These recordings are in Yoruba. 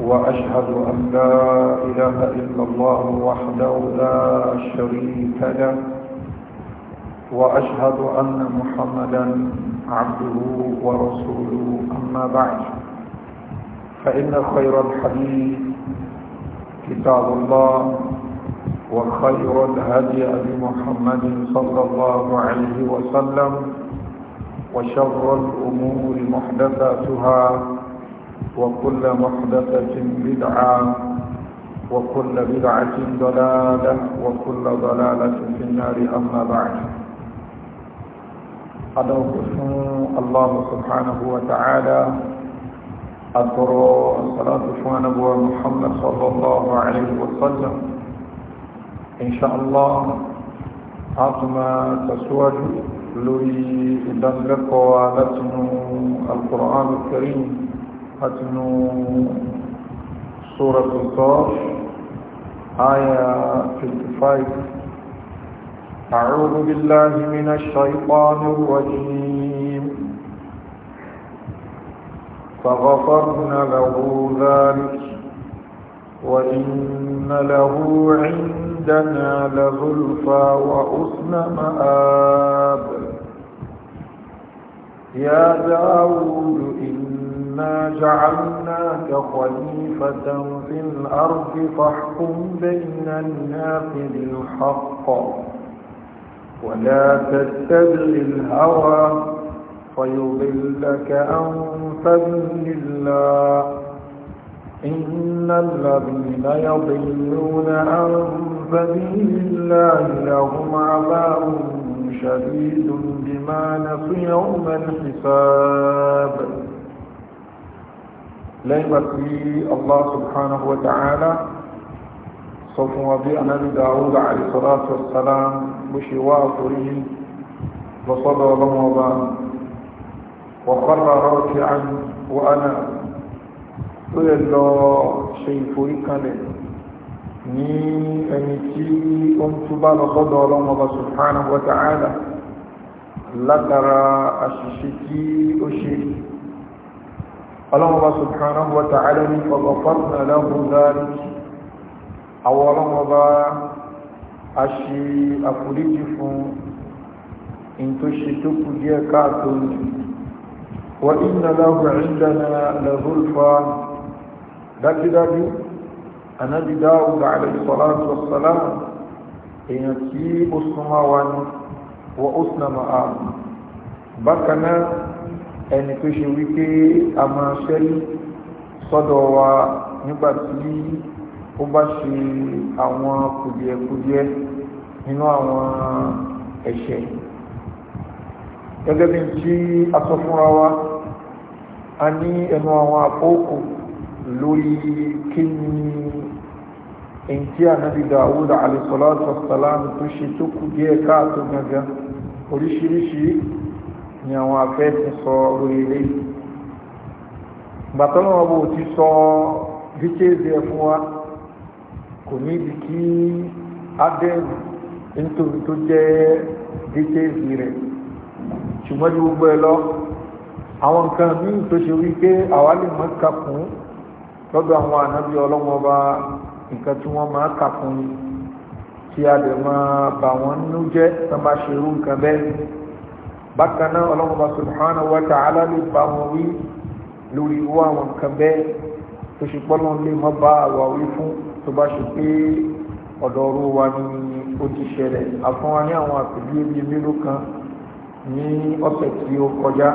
وأشهد أن لا إله إلا الله وحده لا شريك له وأشهد أن محمدا عبده ورسوله أما بعد فإن خير الحديث كتاب الله وخير الهدي محمد صلى الله عليه وسلم وشر الأمور محدثاتها وكل محدثة بدعة وكل بدعة ضلالة وكل ضلالة في النار أما بعد أدعوكم الله سبحانه وتعالى أترى الصلاة على نبوة محمد صلى الله عليه وسلم إن شاء الله أطمى تسوجي لوي إذن لقوى القرآن الكريم ختنو سورة القاف آية 55 أعوذ بالله من الشيطان الرجيم فغفرنا له ذلك وإن له عندنا لزلفى وأسن مآب يا داود إن إنا جعلناك خليفة في الأرض فاحكم بين الناس بالحق ولا تتبع الهوى فيضلك عن سبيل الله إن الذين يضلون عن سبيل الله لهم عذاب شديد بما نسوا يوم الحساب lẹ́yìnbà tí Allah subhanahu wa ta'ala sọ fún wa bí anábi Dawud alayhi salatu wassalam bó ṣe wá àforí lọ́sọ́dọ̀ ọlọ́wọ́ bá وقر راكعا وانا tó yẹ lọ ṣe ìforíkalẹ̀ ní ẹni tí ó ń túbá lọ sọ́dọ̀ ọlọ́run subhanahu wa ta'ala látara àṣìṣe tí ó ṣe ọlọ́mọba subhanahu wa ta'ala ní ọgbọ̀fọ́nà lọ́gbọ̀dárí àwọn ọlọ́mọba a ṣe àforíjì fún in tó ṣe tó kù díẹ̀ káàtó ní wà iná lọ́gbọ̀ ìdána lọ́gbọ̀lfà dájúdájú anábi Dawud alayhi salatu wassalam èèyàn tí ó súnmọ́ wa ní wa ó súnmọ́ ààrùn bákanáà ẹni tó ṣe wípé a máa ṣẹ́rí sọ́dọ̀ wa nígbà tí ó bá ṣe àwọn kùdìẹ̀kùdìẹ nínú àwọn ẹ̀ṣẹ̀ gẹ́gẹ́ bí tí a sọ fúnra wa a ní ẹnu àwọn àpókò lórí kí ni èyí tí ànábì Dáúdà alayhi salatu wassalam tó ṣe tó kùdìẹ̀ káàtó gangan oríṣiríṣi ni àwọn afẹ́sìn sọ lórí ilé gbàtọ́nà ọbọ̀ ti sọ díkéèdè fún wa kò ní ìdí kí adẹ́rù nítorí tó jẹ́ díkéèdè rẹ̀ ṣùgbọ́n ju gbogbo ẹ lọ àwọn nǹkan míì tó ṣe wípé àwa lè mọ́ kà fún lọ́dọ̀ àwọn ànábì ọlọ́wọ́n bá nǹkan tí wọ́n máa kà fún ni tí a lè máa bà wọ́n nínú jẹ́ tó bá ṣe irú nǹkan bẹ́ẹ̀ bákan náà ọlọ́mọba subhanahu wa ta'ala lè bá wọn wí lórí irú àwọn nǹkan bẹ́ẹ̀ tó ṣe pọ́nà lè mọ́ bá àwà wí fún tó bá ṣe pé ọ̀dọ̀ọ̀rọ̀ wa ni ó ti ṣẹlẹ̀ àfọ́n wa ní àwọn àpèjúwe bíi mélòó kan ní ọ̀sẹ̀ tí ó kọjá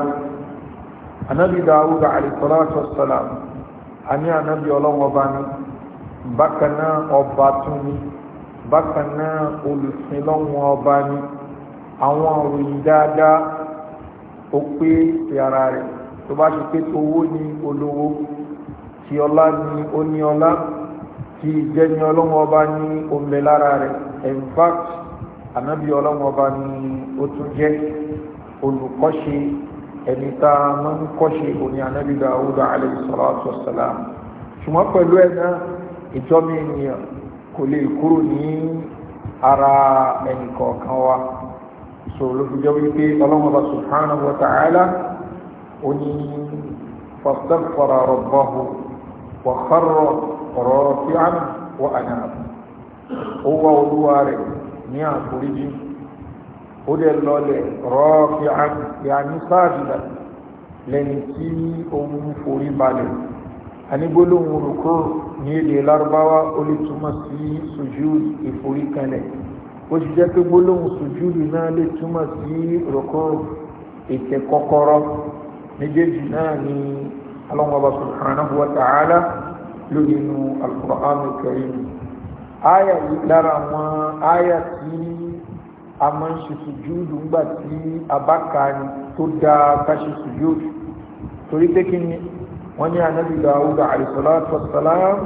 anabi dawud alayhisalatu wasalam a ní anabi ọlọ́mọba ni bákan náà ọba tún ni bákan olùsìn lọ́wọ́ ọba ni àwọn òròyìn dáadáa ó pé ti ara rẹ̀ tó bá ṣe pé owó ní olówó tí ọlá ní ọlá tí ìjẹni ọlọ́wọ́ ọba ní omi lára rẹ̀ in fact ànábì ọlọ́wọ́ ọba ní ó tún jẹ́ olùkọ́ṣe ẹni tá a máa ń kọ́ṣe òní ànábì Dáúdà alayhi salatu wassalam ṣùgbọ́n pẹ̀lú ẹ̀ náà ìjọ́mi ènìyàn kò lè kúrò ní ara ẹnìkọ̀ọ̀kan wa so ló fi jọ wípé ọlọ́mọba subhanahu wa ta'ala ó ní fastaghfara rabbahu wa kharra raki'an wa anab ó wá olúwa rẹ̀ ní àforíjì ó dẹ̀ lọlẹ̀ raki'an yani sajidan lẹ́ni tí òun forí balẹ̀ ó ti jẹ́ pé gbólóhùn sùjúdù náà lè túmọ̀ sí rọ̀kọ́rù ètè kọ́kọ́rọ́ méjèèjì náà ni alọ́mọba subhanahu wa ta'ala lórí inú al-Qur'an al-Karim áyà yìí lára àwọn áyà tí a máa ń ṣe sùjúdù ńgbà tí abáka tó dáa ká ṣe sùjúdù torí pé kí ni wọ́n ní anábì Dáúdà alayhi salatu wassalam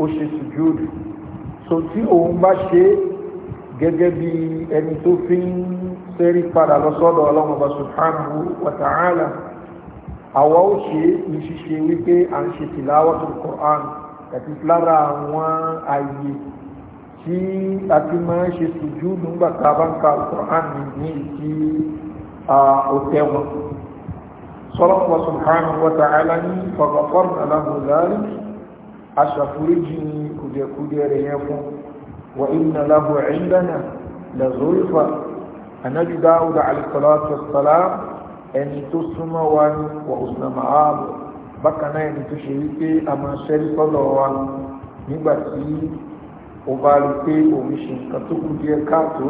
ó ṣe sùjúdù so tí òun bá ṣe é gẹ́gẹ́ bí ẹni tó fi ń sẹ́rí padà lọ sọ́dọ̀ ọlọ́run ọba subhanahu wa ta'ala àwa ó ṣe ìṣiṣe wípé à ń ṣe tilawatul Qur'an àti lára àwọn ààyè tí a ti máa ń ṣe sùjú nígbà tá a bá ń ka Qur'an ní ìdí òtẹ́wọ̀n sọ́lọ́pọ̀ subhanahu wa ta'ala ní faghafarna lahu dhalik aṣàforíjì kùdẹ̀kùdẹ̀ rẹ̀ yẹn fún un وإن له عندنا لزلفى النبي داود عليه الصلاة والسلام ẹni tó súnmọ́ wa ní wà òsìnàmà ààbò bákan náà ẹni tó ṣe wípé a máa ṣẹ́rí sọ́dọ̀ wa nígbàtí o bá rí pé òun ṣe nǹkan tó kù díẹ̀ káàtó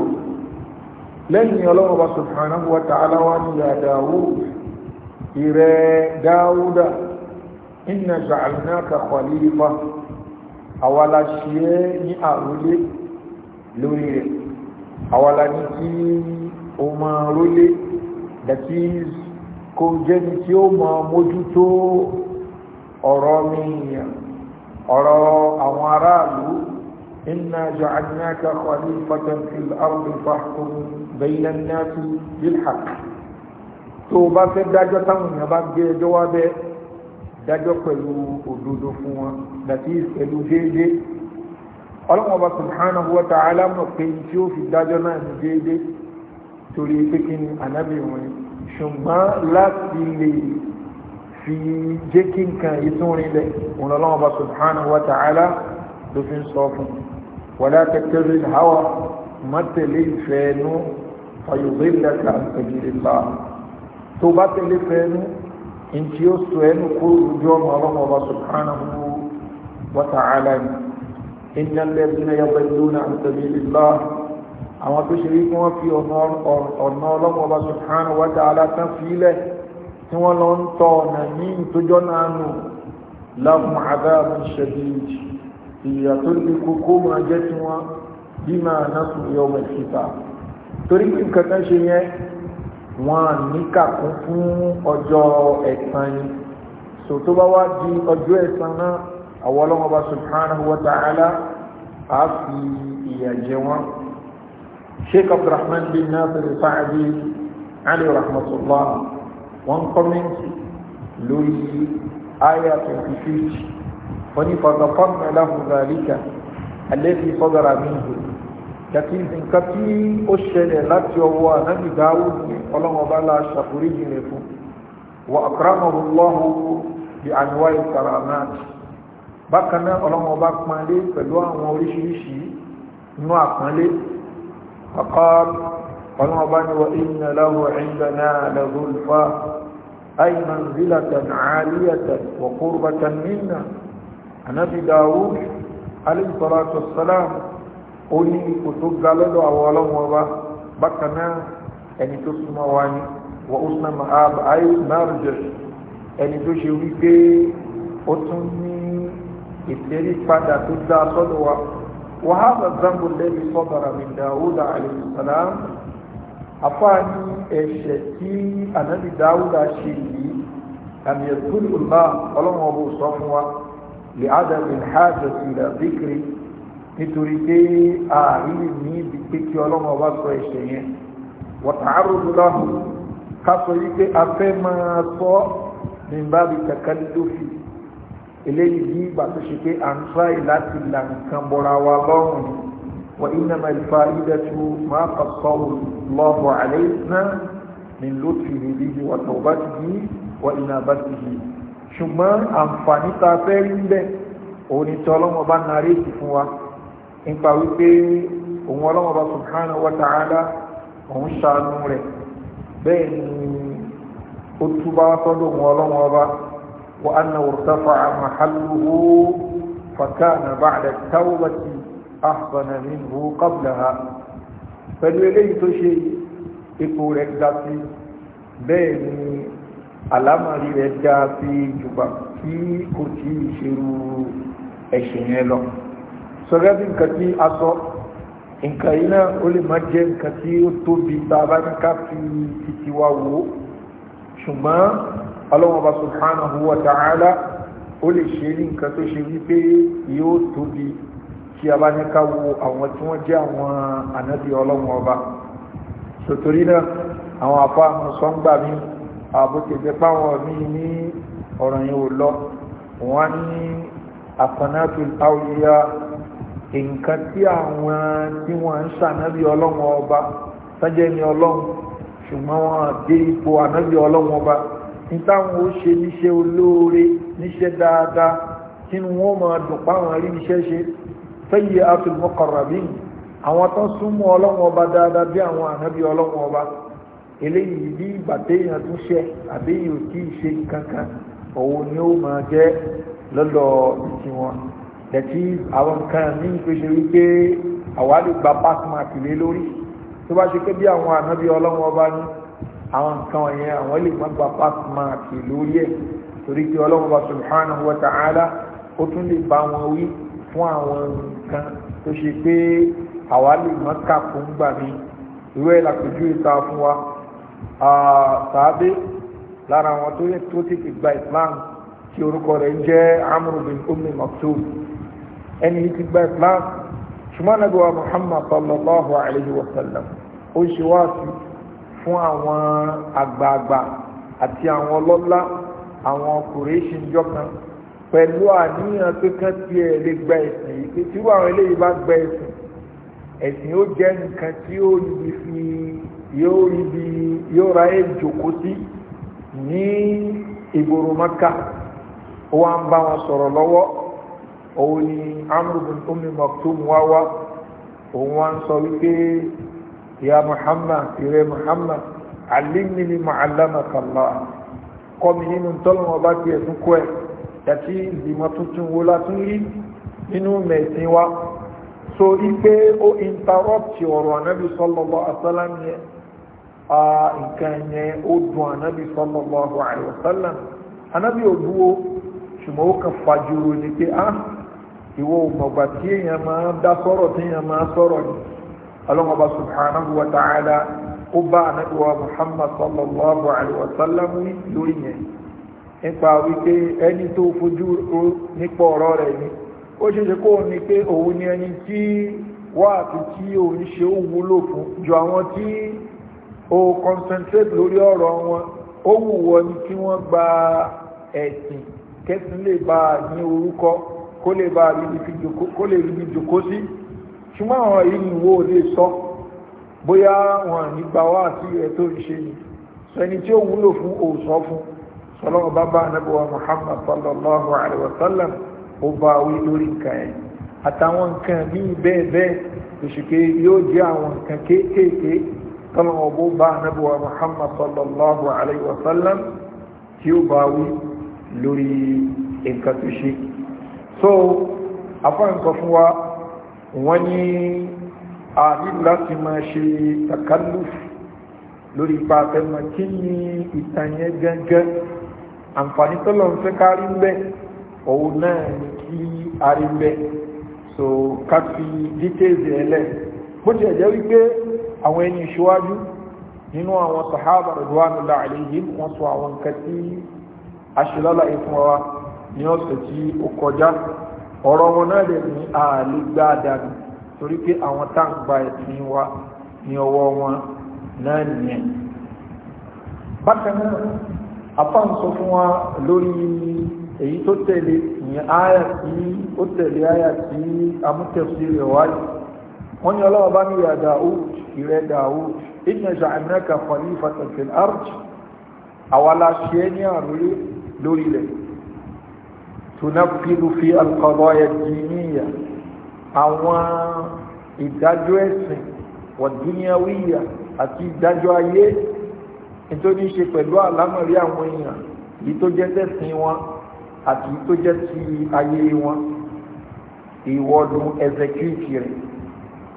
lẹ́yìn ọlọ́wọ́ bá subhanahu wa ta'ala wa ní ya Dawud ìrẹ́ Dawuda inna ja'alnaka khalifa àwa la ṣe é ní àrólé lórí rẹ̀ àwa la ní kí o máa rólé that is kò jẹ́ni tí ó máa mójútó ọ̀rọ̀ mi ọ̀rọ̀ àwọn aráàlú inna ja'alnaka khalifatan fil ardi fahkum bayna an-nasi bil haqq tó bá fẹ́ dájọ́ táwọn èèyàn bá gbé ẹjọ́ wá bẹ́ẹ̀ dájọ́ pẹ̀lú òdodo fún wọn dàtí pẹ̀lú déédé ọlọ́mọba subhanahu wa ta'ala mọ̀ pé tí ó fi dájọ́ náà ní déédé torí pé kí ni ànábì wọn ṣùgbọ́n láti lè fi jẹ́ kí nǹkan ìtúnrin lẹ̀ òun ọlọ́mọba subhanahu wa ta'ala ló fi ń sọ fún wala tattabi al-hawa mọ́tẹ̀lé ìfẹ́ ẹnu fayudillaka an tó bá tẹ̀lé ìfẹ́ ẹnu ntí ó sọ ẹnu kó ojú ọmọ ọlọ́mọ ọba subhanahu wa ta'ala ni iná lẹ́bí náà yàgbẹ́ ló náà ń tẹ̀lé ìlà àwọn tó ṣe rí kí wọ́n fi ọ̀nà ọlọ́mọ ọba subhanahu wa ta'ala tán fílẹ̀ tí wọ́n lọ ń tọ̀ ọ̀nà ní ìtójọ́ náà nù lahum adhabun shadid ìyà ní kókó máa jẹ́ tí wọ́n bí máa násù yawm al-hisab torí nǹkan kan ṣe yẹn wọn níkàkún fún ọjọ́ ẹ̀san yìí so tó bá wá di ọjọ́ ẹ̀san náà àwọn ọlọ́mọba subhanahu wa ta'ala a fi ìyà jẹ wọn sheikh abdulrahman bin nasir sa'adi ali rahmatullah wọn kọ́mẹ́ntì lórí aya 25 wọn ni fọ́gàfọ́n mẹ́lá fún zalika alẹ́ fi fọ́gàrà mí hù yàtí nǹkan tí ó ṣẹlẹ̀ láti ọwọ́ ànábì Dáúd ní ọlọ́mọba la ṣàforíjì rẹ̀ fún wa akramahu Allahu bi anwa'i karamat bákan náà ọlọ́mọba pọ́nlé pẹ̀lú àwọn oríṣiríṣi inú àpọ́nlé faqal ọlọ́mọba ni wa inna lahu 'indana la zulfa ay manzilatan 'aliyatan wa qurbatan minna ànábì Dáúd alayhi salatu wassalam ó ní ipò tó ga lọ́dọ̀ àwọn ọlọ́run ọba bákan náà ẹni tó súnmọ́ wa ni wa usna ma'ab ayé márùjẹ ẹni tó ṣe wípé ó tún ní ìlérí padà tó dá sọ́dọ̀ wa wa hadha zambu alladhi sadara min Dawuda alayhi salam afáàní ẹ̀ṣẹ̀ tí ànábì Dawuda ṣe yìí àmì ẹ̀kúrò náà ọlọ́run ọba ò sọ fún wa li adam al hajati ila nítorí pé ààrin ní ibi pé kí ọlọ́mọ ọba sọ ẹ̀ṣẹ̀ yẹn wọ̀tàárùn láhùn ká sọ yí pé afẹ́ máa sọ nígbà bí kankan lófi eléyìí bí ìgbà tó ṣe pé à ń tíráì láti là nǹkan bọ̀ra wa lọ́rùn wà iná máa fa ilẹ̀ tó máa kà sọ lọ́bọ̀ àlẹ́ náà ní lófi ìrírí ni wọ̀tà ọba ti yí wà iná bá ti yí ṣùgbọ́n àǹfààní tá a fẹ́ rí ń òun ni tọ́lọ́mọ bá ti fún wa nípa wípé òun ọlọ́wọ́ bá subhanahu wa ta'ala òun ṣàánú rẹ̀ bẹ́ẹ̀ ni ó túbá tọ́dọ̀ òun ọlọ́wọ́ bá wa annahu irtafa'a mahalluhu fakana ba'da tawbati ahsana minhu qablaha pẹ̀lú eléyìí tó ṣe ipò rẹ̀ ga sí bẹ́ẹ̀ ni àlámọ̀rí rẹ̀ ga sí jùgbà tí kò tí ì ṣerú ẹ̀ṣẹ̀ yẹn lọ sọ̀rọ̀ bí nǹkan tí a sọ nǹkan yìí náà ó lè má jẹ́ nǹkan tí ó tóbi tá a bá ní ká fi títí wa wò ó ṣùgbọ́n ọlọ́wọ́ba subhanahu wa ta'ala ó lè ṣe ní nǹkan tó ṣe wípé yóò tóbi tí a bá ní ká wo àwọn tí wọ́n jẹ́ àwọn ànábì ọlọ́wọ́ ọba náà àwọn àfa àmọ̀sọ́ngbà mi àbókèjẹ́ páwọn mi ní ọ̀ràn yìí ò lọ wọ́n á ní àfọ̀nàtò àwòyá nǹkan tí àwọn tí wọ́n ń ṣànábì ọlọ́run ọba tọ́jẹ́ ni ọlọ́run ṣùgbọ́n wọ́n dé ipò ànábì ọba ní táwọn ó ṣe níṣẹ́ olóore níṣẹ́ dáadáa tí wọ́n máa dùn páwọn rí níṣẹ́ ṣe fẹ́yẹ afẹ́mọ́kọ̀rọ̀bìn àwọn tó súnmọ́ ọba dáadáa bí àwọn ànábì ọlọ́run ọba eléyìí bí ìgbà téèyàn ṣe àbí yóò tí ì ṣe kankan òun ni ó máa jẹ́ lọ́dọ̀ dẹ̀tí àwọn nǹkan ní ìpèsè wípé àwálè gba pásímàkì lé lórí tó bá ṣe pé bí àwọn ànábí ọlọ́run ọba ní àwọn nǹkan wọ̀nyẹn àwọn lè má gba pásímàkì lórí ẹ̀ torí pé ọlọ́run ọba subhanahu wa ta'ala ó tún lè bá wọn wí fún àwọn nǹkan tó ṣe pé àwálè má kà fún gbà mí ìwé ìlàkójú ìta fún wa tàbí lára àwọn tó yẹ tó tètè gba Islam tí orúkọ rẹ̀ jẹ́ Amr bin Umm Maktoum ẹni tí gba islam ṣùgbọ́n nàbí wa muhammad sallallahu alayhi wa sallam ó ṣe wá sí fún àwọn àgbààgbà àti àwọn ọlọ́lá àwọn kùrẹ́ṣì jọkan pẹ̀lú àníyàn tó kán tiẹ̀ lè gba ẹ̀sìn yìí pé tí wọ́n eléyìí bá gba ẹ̀sìn ẹ̀sìn ó jẹ́ nǹkan tí ó yìí fi yóò ibi yóò ra ẹ̀ jòkó sí ní ìgboro maka ó wá ń bá wọn sọ̀rọ̀ lọ́wọ́ òun ni amúrùbùn omi maktum wáwá òun wá ń sọ wípé ya muhammad ìrẹ muhammad alimni ni ma'alama kàlá kọ́mi nínú tọ́lọ́mọ bá tiẹ̀ tún kọ́ ẹ̀ yàtí ìgbìmọ̀ tuntun wo látún rí nínú mẹ̀sìn wa so ipe ó interrupt ọ̀rọ̀ anábì sallallahu alaihi wasallam yẹn nǹkan yẹn ó dùn anábì sallallahu alaihi wasallam anábì ò dúró ṣùgbọ́n ó kàn fàjúrò ní pé ah ìwọ mọ̀gbà tí èèyàn máa dá sọ́rọ̀ tí èèyàn máa sọ́rọ̀ ni ọlọ́mọba subhanahu wa ta'ala ó bá ànábíwá muhammad sallallahu alaihi wa sallam lórí yẹn nípa wípé ẹni tó fojú nípa ọ̀rọ̀ rẹ̀ ni ó ṣeéṣe kó ní pé òun ni ẹni tí wá àti tí òun ṣe ó wúlò fún ju àwọn tí ó concentrate lórí ọ̀rọ̀ wọn ó wù wọ́n ni kí wọ́n gba ẹ̀sìn kẹ́sìn lè bá ní orúkọ kó lè bá rí bí jòkó sí ṣùgbọ́n àwọn èyí ni wo lè sọ bóyá wọn nígbà wá sí ẹ̀tọ́ ìṣe ni sẹni tí ó wúlò fún òòsọ fún sọlọ́wọ́ bá bá Muhammad sallallahu alaihi wasallam ó bá wí lórí nǹkan ẹ̀ àtàwọn nǹkan ní bẹ́ẹ̀ bẹ́ẹ̀ òṣìké yóò jẹ́ àwọn nǹkan kéékèèké sọlọ́wọ́ bó bá anábọ̀wá Muhammad sallallahu alaihi wasallam tí ó bá wí lórí nǹkan tó ṣe so afọ́nkọ̀ fún wa wọ́n ní a nílò láti máa ṣe takalluf lórí ipa àtẹ́mọ̀ kí ni ìtànyẹ gẹ́gẹ́ àǹfààní tọ́lọ̀ ń fẹ́ kárí ń bẹ́ òun náà ní kí a rí ń bẹ́ so ká fi details ẹlẹ́ bó ti ẹ̀jẹ̀ wípé àwọn ẹni ìṣíwájú nínú àwọn sahaba radwanullahi alayhim wọ́n sọ àwọn nǹkan tí aṣèlọ́lá ìfún wa ní ọ̀sẹ̀ tí ó kọjá ọ̀rọ̀ wọn náà lè ní ààlè gbá dànù torí pé àwọn táǹgbà ẹ̀sìn wa ní ọwọ́ wọn náà nìyẹn bákan náà afá ń sọ fún wa lórí èyí tó tẹ̀lé ní àyà tí ó tẹ̀lé àyà tí amútẹ̀sí rẹ̀ wáyé wọ́n ní ọlọ́wọ́ bá ní ìyá Dawud ìrẹ́ Dawud inna ja'alnaka khalifatan fil ard àwa la ṣe é ní àròlé lórí rẹ̀ tunafidu fi alqadaya diniya àwọn ìdájọ́ ẹ̀sìn wàdúnyàwíyà àti ìdájọ́ ayé nítorí ṣe pẹ̀lú àlámọ̀rí àwọn èèyàn yìí tó jẹ́ tẹ̀sìn wọn àti tó jẹ́ ti ayé wọn ìwọ́dún ẹ̀zẹ̀kìtì rẹ̀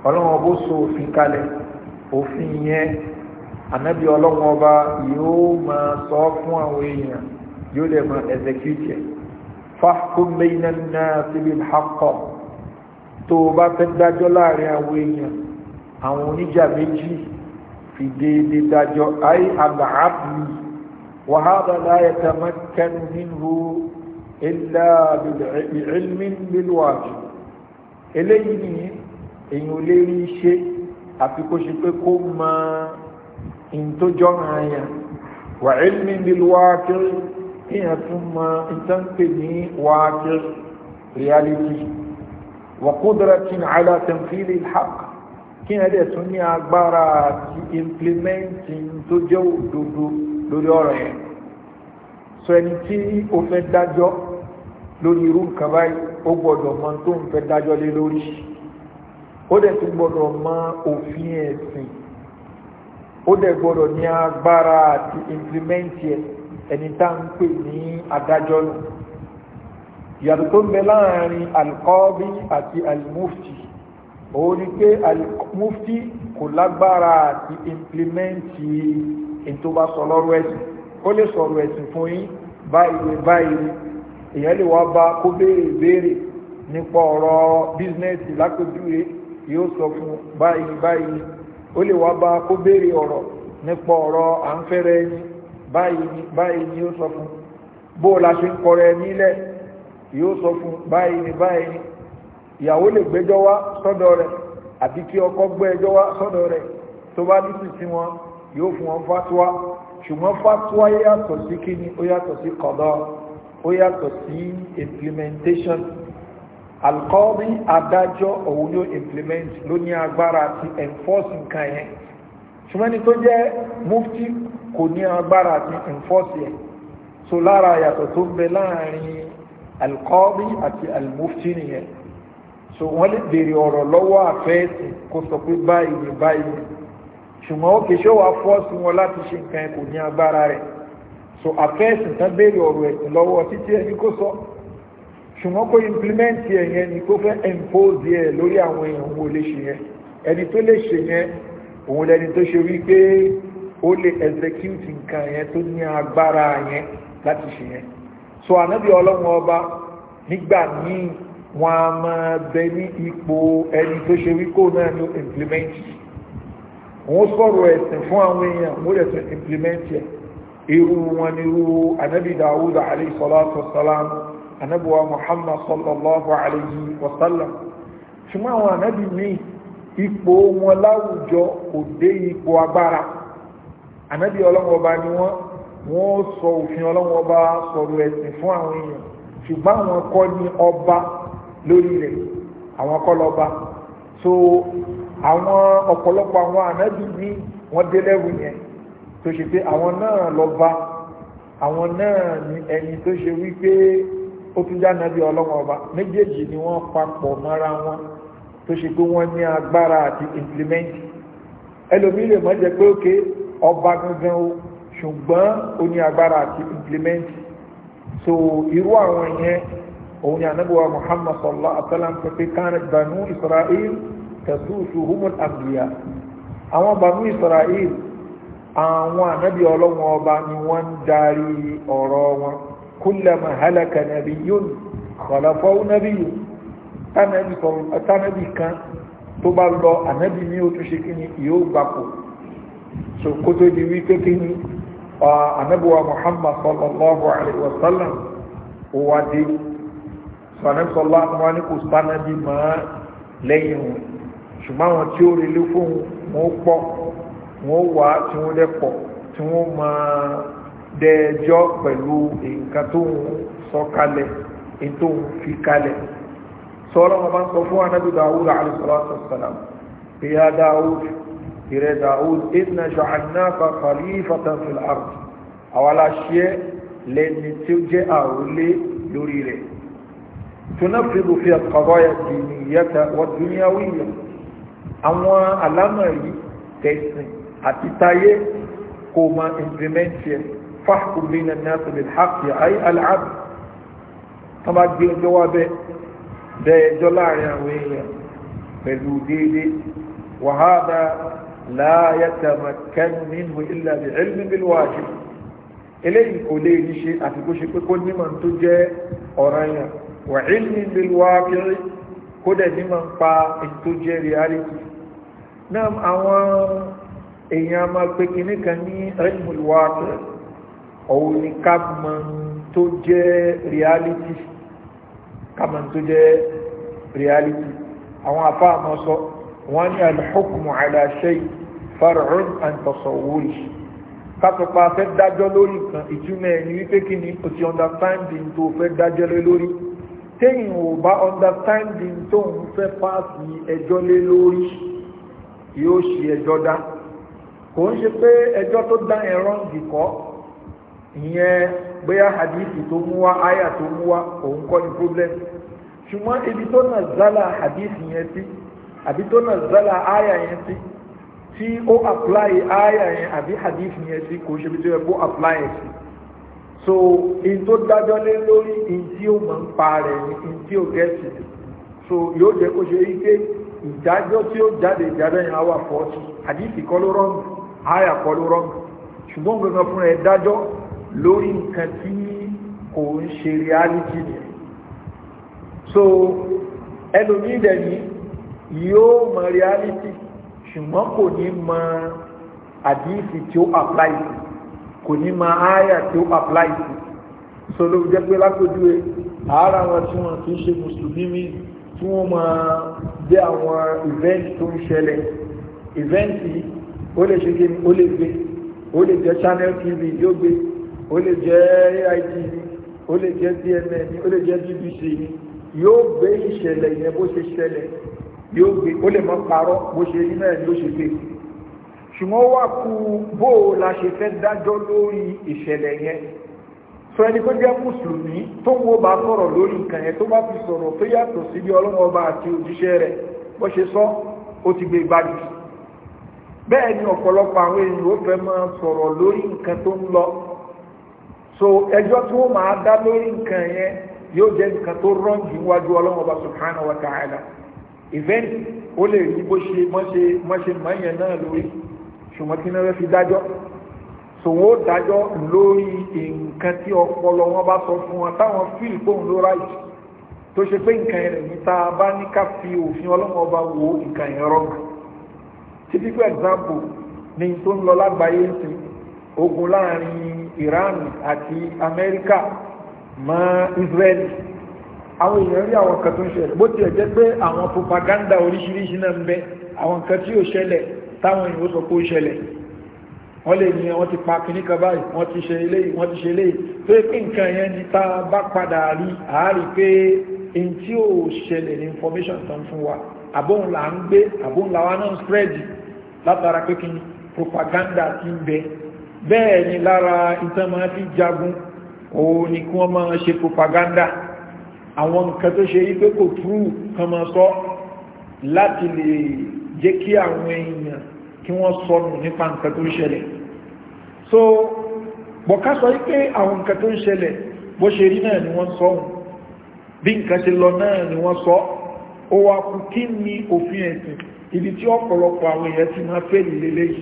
ọlọ́run bó so òfin kalẹ̀ òfin yẹn ànábì ọlọ́run ọba yóò máa sọ fún àwọn èèyàn yóò lè máa ẹ̀zẹ̀kìtì rẹ̀ fahkum bayna an-nasi bil haqq tó o bá fẹ́ dájọ́ láàrin àwọn èèyàn àwọn oníjà méjì fi déédé dájọ́ ayé àbáàbí wa hadha la yatamakkanu minhu illa bi'ilmin bil wajib eléyìí ni èyàn lè rí ṣe àfi kó ṣe pé kó mọ ìntójọ́ àyàn wa ilmin bil waqi' kíyàn tún mọ ìtànpè ní wákìr reality wa qudratin ala tanfil al-haq kíyàn dẹ̀ tún ní agbára àti implementing tó jẹ́ òdodo lórí ọ̀rọ̀ yẹn sọ ẹni tí ó fẹ́ dájọ́ lórí irú nǹkan báyìí ó gbọ́dọ̀ mọ tó ń fẹ́ dájọ́ lé lórí ó dẹ̀ tún gbọ́dọ̀ mọ òfin ẹ̀sìn ó dẹ̀ gbọ́dọ̀ ní agbára àti implement ẹ̀ ẹni tá ń pè ní adájọ́ nù ìyàtọ̀ tó ń bẹ láàrin alkọ́bí àti almufti òun ni pé almufti kò lágbára àti implimenti ètò bá sọ lọ́rọ̀ ẹ̀sìn ó lè sọ̀rọ̀ ẹ̀sìn fún yín báyìí báyìí èèyàn lè wá bá kó béèrè béèrè nípa ọ̀rọ̀ bísínẹ́sì lápèjúwe yóò sọ fún báyìí báyìí ó lè wá bá kó béèrè ọ̀rọ̀ nípa ọ̀rọ̀ à ń fẹ́rẹ̀ ẹni báyìí ni ó sọ fún bó la ṣe ń kọrẹ nílẹ̀ yóò sọ fún báyìí ni báyìí ni ìyàwó lè gbẹ́jọ́ wá sọ́dọ̀ rẹ̀ àbí kí ọkọ gbẹ́jọ́ wá sọ́dọ̀ rẹ̀ tó bá nítì sí wọn yóò fún wọn fatuwa ṣùgbọ́n fatuwa yàtọ̀ sí kíni ó yàtọ̀ sí kọ̀dọ̀ ó yàtọ̀ sí implementation alkọ́ọ̀bí adájọ́ òun yóò implement ló ní agbára àti enforce nǹkan yẹn ṣùgbọ́n ni tó jẹ́ mufti kò ní agbára àti enforce ẹ̀ so lára yàtọ̀ tó ń bẹ láàrin alkọ́bí àti almufti nìyẹn so wọ́n lè béèrè ọ̀rọ̀ lọ́wọ́ àfẹ́ẹ̀sì kó sọ pé báyìí ni báyìí ṣùgbọ́n ó kè ṣé wàá fọ́ọ̀sì wọn láti ṣe nǹkan kò ní agbára rẹ̀ so àfẹ́ẹ̀sì tán béèrè ọ̀rọ̀ ẹ̀sìn lọ́wọ́ títí ẹni kó sọ ṣùgbọ́n kó implement yẹn ni kó fẹ́ impose ẹ̀ lórí àwọn èèyàn òun ò lè ṣe yẹn ẹni tó lè ṣe yẹn òun lẹni tó ṣe wí pé o le execute nka yẹn tó ní agbára yẹn láti ṣe yẹn so anabi ọlọ́run ọba nígbà míì wọn a máa bẹ ní ipò ẹni tó ṣe wíkó náà ní implement wọn sọ̀rọ̀ ẹ̀sìn fún àwọn èèyàn wọn lè tún implement irú wọn ni irú dawud salatu wasalam wa muhammad sallallahu alayhi wasallam ṣùgbọ́n àwọn míì ipò wọn láwùjọ kò dé ànábì ọlọ́wọ́ ọba ni wọ́n wọ́n sọ òfin ọlọ́wọ́ ọba sọ̀rọ̀ ẹ̀sìn fún àwọn èèyàn ṣùgbọ́n àwọn kọ́ ní ọba lórí rẹ̀ àwọn kọ́ lọ́ba so àwọn ọ̀pọ̀lọpọ̀ àwọn ànábì ní wọ́n dé lẹ́wù yẹn tó ṣe pé àwọn náà lọ́ba àwọn náà ni ẹni tó ṣe wípé ó tún já ànábì ọlọ́wọ́ méjèèjì ni wọ́n papọ̀ mọ́ra wọn tó ṣe pé wọ́n ní agbára àti implement ẹlòmí lè mọ́ jẹ pé ókè okay, ọba gangan o ṣùgbọ́n ó ní agbára àti implement so irú àwọn yẹn òun ni anábíwá muhammad sallallahu alaihi wa sallam pẹ̀pẹ́ kánà banu israel tẹ̀sùsù humul abdiya àwọn banu israel àwọn anábí ọlọ́wọ́n ọba ni wọ́n ń darí ọ̀rọ̀ wọn kullama halaka nabiyyun khalafahu nabiyyun tánàbì kan tó bá lọ anábì ní ó tún ṣe kí ni yóò gbapò so kó tó di wípé kí ni anabuwa muhammad sallallahu alaihi wa sallam ó wá dé so anabisọlá wa ní kò sánàbí máa lẹ́yìn wọn ṣùgbọ́n àwọn tí ó relé fún wọn pọ̀ wọn wà tí wọ́n dẹ́ pọ̀ tí wọ́n máa dẹjọ́ pẹ̀lú nǹkan tó ń sọ kalẹ̀ èyí tó ń fi kalẹ̀ sọ́ọ́lọ́wọ́n bá ń sọ fún anábì Dawud alayhi salatu wassalam pé ya Dawud ìrẹ́ Dawud inna ja'alnaka khalifatan fil ard àwọn aláṣẹ lẹ́ni tí ó jẹ́ àrólé lórí rẹ̀ tunafidu fi al-qadaya ad-diniyata wad-dunyawiyya àwọn alámọ̀rí tẹ̀sìn àti táyé kò máa implement yẹ fahkum bayna an-nas bil-haqqi ay al-'adl wọ́n bá gbé ọjọ́ wá bẹ́ẹ̀ bẹ́ẹ̀ ẹjọ́ láàrin àwọn èèyàn pẹ̀lú déédéé wàhálà la yatamakkanu minhu illa bi ilmin bil wajib eléyìí kò lè ní ṣe àfikún ṣe pé kó nímọ̀ tó jẹ́ ọ̀ranyàn wa ilmin bil waqi' kó dẹ̀ nímọ̀ ń pa ètò jẹ́ reality náà àwọn èèyàn máa pé kìíní kan ní ilmul waqi' òun ni ká mọ̀ tó jẹ́ reality ká mọ̀ tó jẹ́ reality àwọn afá àmọ́ sọ wọ́n ní alhukmu ala shay far'un an tasawwuri kátọpa fẹ́ dájọ́ lórí nǹkan ìtumọ̀ ẹni wípé kí ni o ti understanding tó fẹ́ dájọ́ lé lórí téyìn ò bá understanding tó ń fẹ́ pààsì ẹjọ́ lé lórí yóò ṣe ẹjọ́ dá kò ń ṣe pé ẹjọ́ tó dá ẹ̀rọ dìkọ́ ìyẹn bóyá hadithi tó mú wá àyà tó mú wá òun kọ́ ni problem ṣùgbọ́n ibi tó nà zálà hadithi yẹn sí. Si àbí tó nà zala aya yẹn sí tí ó apply aya yẹn àbí hadith yẹn sí kò ṣe bí tó yẹ kó apply yẹn sí so in tó dájọ́ lé lórí in tí ó mọ̀ ń pa rẹ̀ ni in tí ó gẹ̀ẹ́sì so yóò jẹ́ kó ṣe rí pé ìdájọ́ tí ó jáde ìdájọ́ yẹn á wà fọ́ọ̀tì àdìsí kọ́ ló rọ́ọ̀mù àyà kọ́ ló rọ́ọ̀mù ṣùgbọ́n gbogbo fúnra ẹ̀ dájọ́ lórí nǹkan tí kò ń ṣe reality ni so ẹlòmíì dẹ̀ ní yóò mọ reality ṣùgbọ́n kò ní mọ àdíìsì tí ó apply sí kò ní mọ àyà tí ó apply sí so ló jẹ́ pé lápèjúwe àárá wọn tí wọn kì í ṣe mùsùlùmí mi tí wọ́n máa dé àwọn event tó ń ṣẹlẹ̀ event yìí ó lè ṣe kí ó lè gbé ó lè jẹ́ channel tv yóò gbé ó lè jẹ́ aitv ó lè jẹ́ dmn ó lè jẹ́ bbc yóò gbé ìṣẹ̀lẹ̀ yẹn bó ṣe ṣẹlẹ̀ yóò gbé ó lè mọ́ parọ́ bó ṣe rí náà ló ṣe gbé ṣùgbọ́n wà kú bó o la ṣe fẹ́ dájọ́ lórí ìṣẹ̀lẹ̀ yẹn sọ ẹni tó jẹ́ mùsùlùmí tó ń wo bá sọ̀rọ̀ lórí nǹkan yẹn tó bá fi sọ̀rọ̀ tó yàtọ̀ sí bí ọlọ́wọ́ bá àti òjíṣẹ́ rẹ̀ bó ṣe sọ ó ti gbé gbájú bẹ́ẹ̀ ni ọ̀pọ̀lọpọ̀ àwọn èèyàn ó fẹ́ máa sọ̀rọ̀ lórí nǹkan tó ń lọ so ẹjọ́ tí wọ́n máa dá lórí nǹkan yẹn yóò jẹ́ nǹkan tó rọ́ǹgì wájú ọlọ́wọ́ bá subhanahu wa ta'ala event ó lè rí bó ṣe mọ́ṣe mọ́ṣe mọ́yẹn náà lórí ṣùgbọ́n kí náà fi dájọ́ so wọ́n ó dájọ́ lórí nǹkan tí ọpọlọ wọn bá sọ fún wọn táwọn fíìl fóun ló ráì tó ṣe pé nǹkan ẹ̀rẹ̀ ní ta bá ní ká fi òfin ọlọ́mọ ọba wo nǹkan ẹ̀ rọ́ọ̀mù typical example ni tó ń lọ lágbàáyé sí ogun láàrin Iran àti Amẹ́ríkà mọ́ Israeli àwọn èèyàn rí àwọn kan tó ń ṣẹlẹ̀ bó tiẹ̀ jẹ́ pé àwọn propaganda oríṣiríṣi náà ń bẹ àwọn kan tí ò ṣẹlẹ̀ táwọn èèyàn ó sọ pé ó ṣẹlẹ̀ wọ́n lè ní wọ́n ti pa kìníkà báyìí wọ́n ti ṣe eléyìí wọ́n ti ṣe eléyìí tó pé nǹkan yẹn ni tá a bá padà rí àárí pé èyí tí ò ṣẹlẹ̀ ní information tán fún wa àbóhùn là ń gbé àbóhùn làwa náà ń spread látara pé kí propaganda ti ń bẹ bẹ́ẹ̀ ni lára ìtàn máa fi jagun òun ni kí wọ́n máa ṣe propaganda àwọn nǹkan tó ṣe yí pé kò túrú kan máa sọ láti lè jẹ́ kí àwọn èèyàn kí wọ́n sọnù nípa nǹkan tó ń ṣẹlẹ̀ so bọ̀ká sọ yí pé àwọn nǹkan tó ń ṣẹlẹ̀ bó ṣe rí náà ni wọ́n sọ ohun bí nǹkan ṣe lọ náà ni wọ́n sọ ó wá kú kí ni òfin ẹ̀sìn ibi tí ọ̀pọ̀lọpọ̀ àwọn èèyàn ti máa fẹ́ lè lélẹ́yìí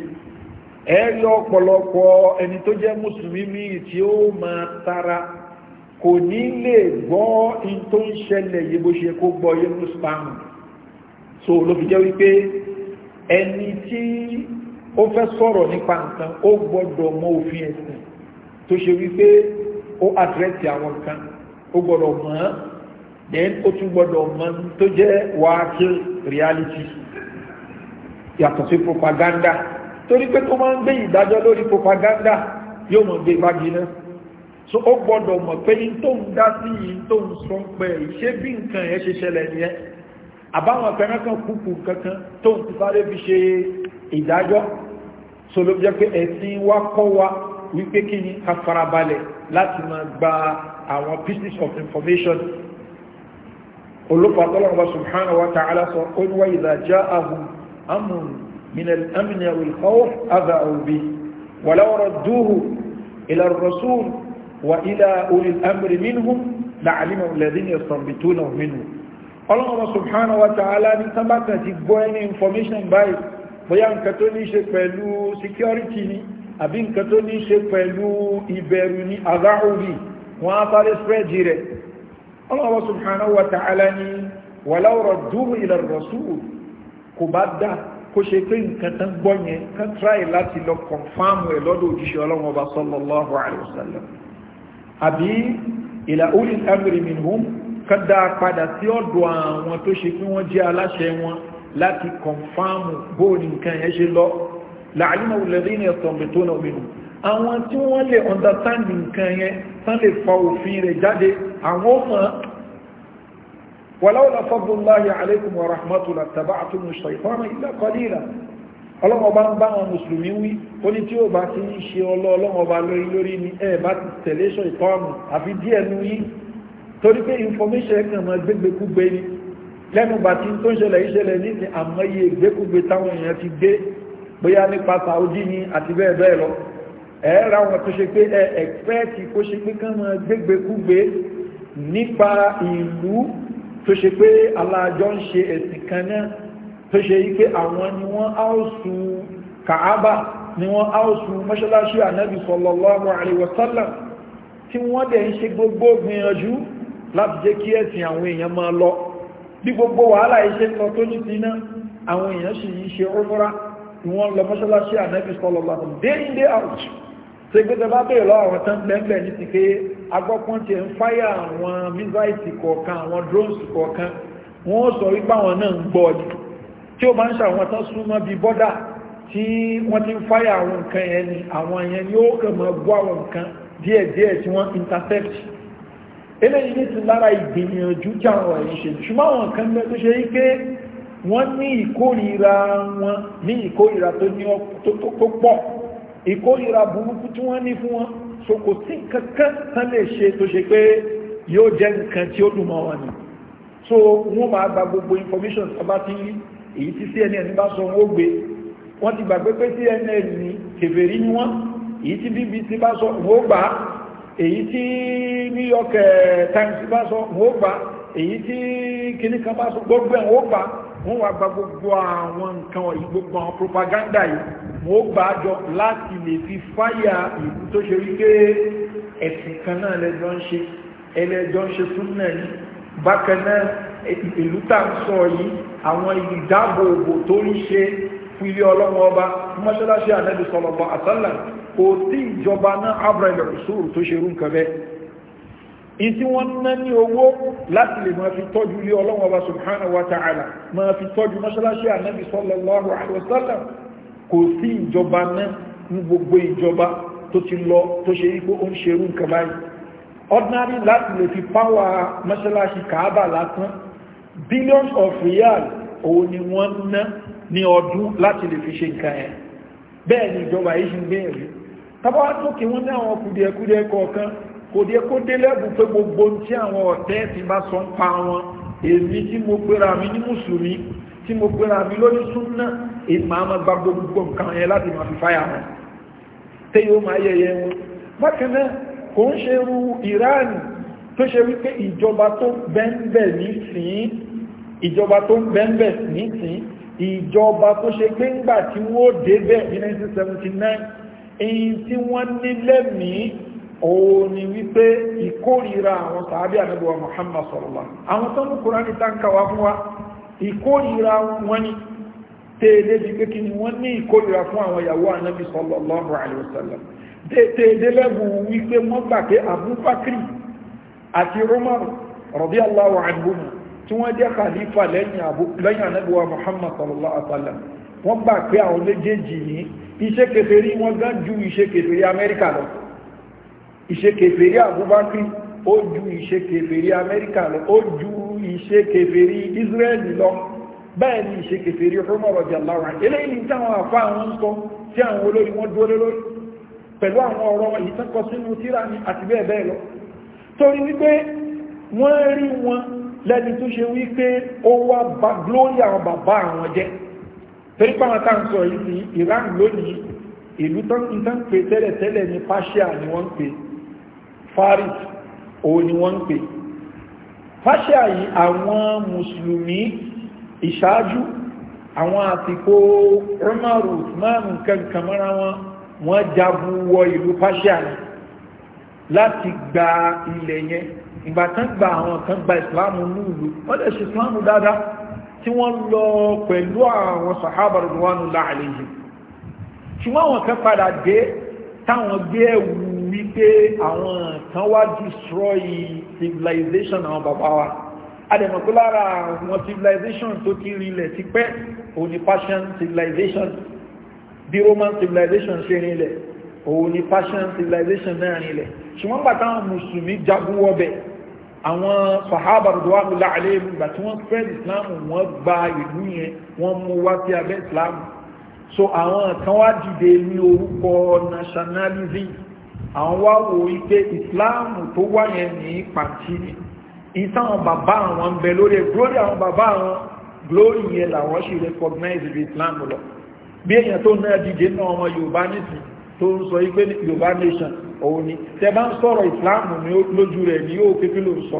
ẹ̀rí ọ̀pọ̀lọpọ̀ ẹni tó jẹ́ mùsùlùmí míì tí ó máa tara kò ní lè gbọ́ in tó ń ṣẹlẹ̀ yìí bó ṣe kó gbọ́ yínú spam so ló fi jẹ́ wípé ẹni tí ó fẹ́ sọ̀rọ̀ nípa nǹkan ó gbọ́dọ̀ mọ òfin ẹ̀sìn tó ṣe wípé ó àdírẹ́sì àwọn nǹkan ó gbọ́dọ̀ mọ̀ ọ́ then ó tún gbọ́dọ̀ mọ̀ tó jẹ́ wáákì reality yàtọ̀ sí propaganda torí pé tó máa ń gbé ìdájọ́ lórí propaganda yóò mọ̀ gbé ìbájú náà so ó gbọ́dọ̀ mọ̀ pé yí tó ń dá sí yí tó ń sọ ń pẹ́ ṣé bí nǹkan ẹ̀ ṣe ṣẹlẹ̀ ní ẹ́ àbáwọn fẹ́ràn kan kúkú kankan tó ń ti sáré fi ṣe ìdájọ́ so ló jẹ́ pé ẹ̀sìn wa kọ́ wa wípé kí ni ká farabalẹ̀ láti máa gba àwọn pieces of information olùpàá tọ́lọ́run bá subhanahu wa ta'ala sọ ó ní wáyé ìdájá ahùn amùn minal amni awil khawf adha'u bi walaw radduhu ila ar وإلى أولي الأمر منهم لعلمه الذين يستنبتونه منه الله سبحانه وتعالى نتبقى تبوين information by bóyá nǹkan tó ní ṣe pẹ̀lú security ni àbí nǹkan tó ní ṣe pẹ̀lú ìbẹ̀rù ni azáhùrí wọ́n á sáré spread rẹ̀ Allah subhanahu wa ta'ala ni walau radduhu ila rasul kò bá dá kó ṣe pé nǹkan tán gbọ́ yẹn kán try láti lọ confam ẹ̀ lọ́dọ̀ òjíṣẹ́ ọlọ́run ọba sallallahu alaihi wasallam àbí ìlà orí amri minhum kọ́dá padà sí ọ̀dọ̀ àwọn tó ṣe pé wọ́n jẹ́ aláṣẹ wọn láti kọ̀nfàmù bóòlì nǹkan yẹn ṣe lọ làálùmọ̀ òlẹ́rí ní ẹ̀sọ̀ mi tó náà mìíràn àwọn tí wọ́n lè understand nǹkan yẹn tán lè fa òfin ọlọ́wọ́ bá ń bá àwọn mùsùlùmí wí ó ní tí ó bá ti ń ṣe ọlọ́wọ́ bá lórí lórí ní ẹ̀ bá ti tẹ̀lé ṣọ ìtọ́ọ̀nù àfi díẹ̀ nu yí torí pé information ẹ̀kan mọ́ gbégbékúgbé ni lẹ́nu bá ti tó ń ṣẹlẹ̀ ìṣẹlẹ̀ nísìn àmọ́yé gbégbékúgbé táwọn èèyàn ti gbé bóyá nípa saudi ni àti bẹ́ẹ̀ bẹ́ẹ̀ lọ ẹ̀ ra wọn tó ṣe pé ẹ ẹ̀pẹ́ẹ̀tì kó ṣe pé kán mọ́ gbégbékúgbé nípa ìlú tó ṣe pé aláàjọ ń ṣe ẹ̀sìn kan náà tó ṣe yí pé àwọn ni wọ́n áùsù kàábà ni wọ́n áùsù mọ́ṣálásí ànábì sallallahu alaihi wasallam tí wọ́n dẹ̀ ń ṣe gbogbo gbìyànjú láti jẹ́ kí ẹ̀sìn àwọn èèyàn máa lọ bí gbogbo wàhálà iṣẹ́ lọ tó ní ti náà àwọn èèyàn sì yí ṣe rúmúra ni wọ́n lọ mọ́ṣálásí ànábì sallallahu alaihi wasallam day in day out ṣègbéta bá bèèrè lọ àwọn sọ wípé àwọn náà ń gbọ́ ọdún tí ó máa ń ṣàwọn tán súnmọ́ bí bọ́dà tí wọ́n ti ń fáyà àwọn nǹkan yẹn ni àwọn yẹn ni ó kàn máa bọ́ àwọn nǹkan díẹ̀díẹ̀ tí wọ́n intercept eléyìí ní ti lára ìgbìyànjú tí àwọn ẹ̀yìn ṣe ṣùgbọ́n àwọn nǹkan bẹ́ẹ̀ tó ṣe wípé wọ́n ní ìkórìíra wọn ní ìkórìíra tó ní tó pọ̀ ìkórìíra burúkú tí wọ́n ní fún wọn so kò sí kankan tán lè ṣe tó ṣe pé yóò jẹ́ nǹkan tí ó dùn mọ́ wọn ni so wọ́n máa gba gbogbo information tó bá ti ń èyí tí cnn bá sọ wọ́n gbé wọ́n ti gbàgbé pé cnn ní kèfèrí ní wọ́n èyí tí bbc bá sọ wọ́n gbà èyí tí new york eh, times bá sọ wọ́n gbà èyí tí kìnnì kan bá sọ gbogbo ẹ̀ wọ́n gbà wọ́n wá gba gbogbo àwọn nǹkan ọ̀yìn gbogbo àwọn propaganda yìí wọ́n gbà á jọ láti lè fi fáyà ìlú tó ṣe wípé ẹ̀sìn kan náà lẹ́jọ́ ń ṣe ẹlẹ́jọ́ ń ṣe fún náà yìí bákan náà ìlú tá ń sọ yìí àwọn ìdáàbòbò tó ń ṣe fún ilé ọlọ́wọ́ ọba fún mọ́ṣáláṣí ànábì sallallahu alaihi wasallam kò tí ìjọba náà abraham ṣòro tó ṣe rú nǹkan bẹ́ẹ̀ ìtí wọ́n ná ní owó láti lè máa fi tọ́jú ilé ọlọ́wọ́ ọba subhanahu wa ta'ala máa fi tọ́jú mọ́ṣáláṣí ànábì sallallahu ordinary láti lè fi páwà mọ́ṣálásí kàábà látán billions of real òun ni wọ́n ná ní ọdún láti lè fi ṣe nǹkan ẹ̀ bẹ́ẹ̀ ni ìjọba yìí ṣe ń gbẹ̀rẹ̀ tàbá tókè wọ́n ní àwọn kùdìẹ̀kùdìẹ̀ kọ̀ọ̀kan kò díẹ̀ kó dé lẹ́bù pé gbogbo tí àwọn ọ̀tẹ́ ti bá sọ ń pa wọn èmi tí mo pera mi ní mùsùlùmí tí mo pera mi lórí súnná èmi àmọ́ gba gbogbo nǹkan yẹn láti máa fi fáyà wọn tẹ́yọ́ máa yẹyẹ wọn bákan náà kò ń ṣe rú Iran tó ṣe wípé ìjọba tó bẹ́ńbẹ̀ nísìn ìjọba tó bẹ́ńbẹ̀ nísìn ìjọba tó ṣe pé ńgbà tí wọ́n débẹ̀ ní 1979 èyí tí wọ́n ní lẹ́mìí òun ni wípé ìkórìíra àwọn sàábí ànábíwa Muhammad sọ̀rọ̀lá àwọn tó ń kúrò ní tánkàwá fún wa ìkórìíra wọn ni tẹ́ẹ̀lẹ́ bí pé kí ni wọ́n ní ìkórìíra fún àwọn ìyàwó ànábí sọ̀rọ̀lá tètè délẹ́bù wípé wọ́n gbà pé abúbákírì àti romar radiyallahu anhum tí wọ́n jẹ́ khalifa lẹ́yìn anábíwa muhammad sallallahu alaihi wasallam wọ́n gbà pé àwọn méjèèjì ní iṣẹ́ kèfèrí wọ́n gán ju iṣẹ́ kèfèrí amẹ́ríkà lọ iṣẹ́ kèfèrí abúbákírì ó ju iṣẹ́ kèfèrí amẹ́ríkà lọ ó ju iṣẹ́ kèfèrí israẹli lọ bẹ́ẹ̀ ni iṣẹ́ kèfèrí romar radiyallahu anhum eléyìí táwọn pẹ̀lú àwọn ọ̀rọ̀ èyí tán kọ sínú tíra ni àti bẹ́ẹ̀ bẹ́ẹ̀ lọ torí wípé wọ́n rí wọn lẹ́ni tó ṣe wípé ó wá bá glórí àwọn bàbá àwọn jẹ́ torí pàwọn tá ń sọ yìí sí Iran lónìí ìlú tán pè tẹ́lẹ̀tẹ́lẹ̀ ní Persia ni wọ́n pè Faris òun ni wọ́n pè Persia yìí àwọn mùsùlùmí ìṣáájú àwọn àsìkò Umaru Usman kankan mọ́ra wọn wọ́n jagun wọ ìlú Persia láti gba ilẹ̀ yẹn ìgbà tán gba àwọn kan gba ìsìláàmù ní ìlú wọ́n lè ṣe ìsìláàmù dáadáa tí wọ́n lọ pẹ̀lú àwọn sàhábà rọ̀dùnwánú láàlẹ́yìn ṣùgbọ́n àwọn kan padà dé táwọn gbé ẹ̀wù wípé àwọn kan wá destroy civilization àwọn bàbá wa adẹ̀mọ̀kú lára àwọn civilization tó ti rí ilẹ̀ ti pẹ́ òní Persian civilization bí roman civilization ṣe rinlẹ̀ òun ni persian civilization náà rinlẹ̀ ṣùgbọ́n gbà táwọn mùsùlùmí jagun wọ́bẹ̀ àwọn sahaba rọ̀dọ̀wàmù láàlẹ́ ìgbà tí wọ́n spread islam wọ́n gba ìlú yẹn wọ́n mú wá sí abẹ́ islam so àwọn kan wá dìde ní orúkọ nationalism àwọn wá wò wípé islam tó wá yẹn ní pàǹtí ni ìtàwọn bàbá àwọn ń bẹ lórí glory àwọn bàbá àwọn glory yẹn làwọn ṣe recognize the islam lọ bí èyàn tó náà dìde náà ọmọ yorùbá nìsí tó ń sọ ipé yorùbá nation òun ni tẹ bá ń sọ̀rọ̀ ìsìláàmù ní lójú rẹ̀ ní yóò kéfí ló ń sọ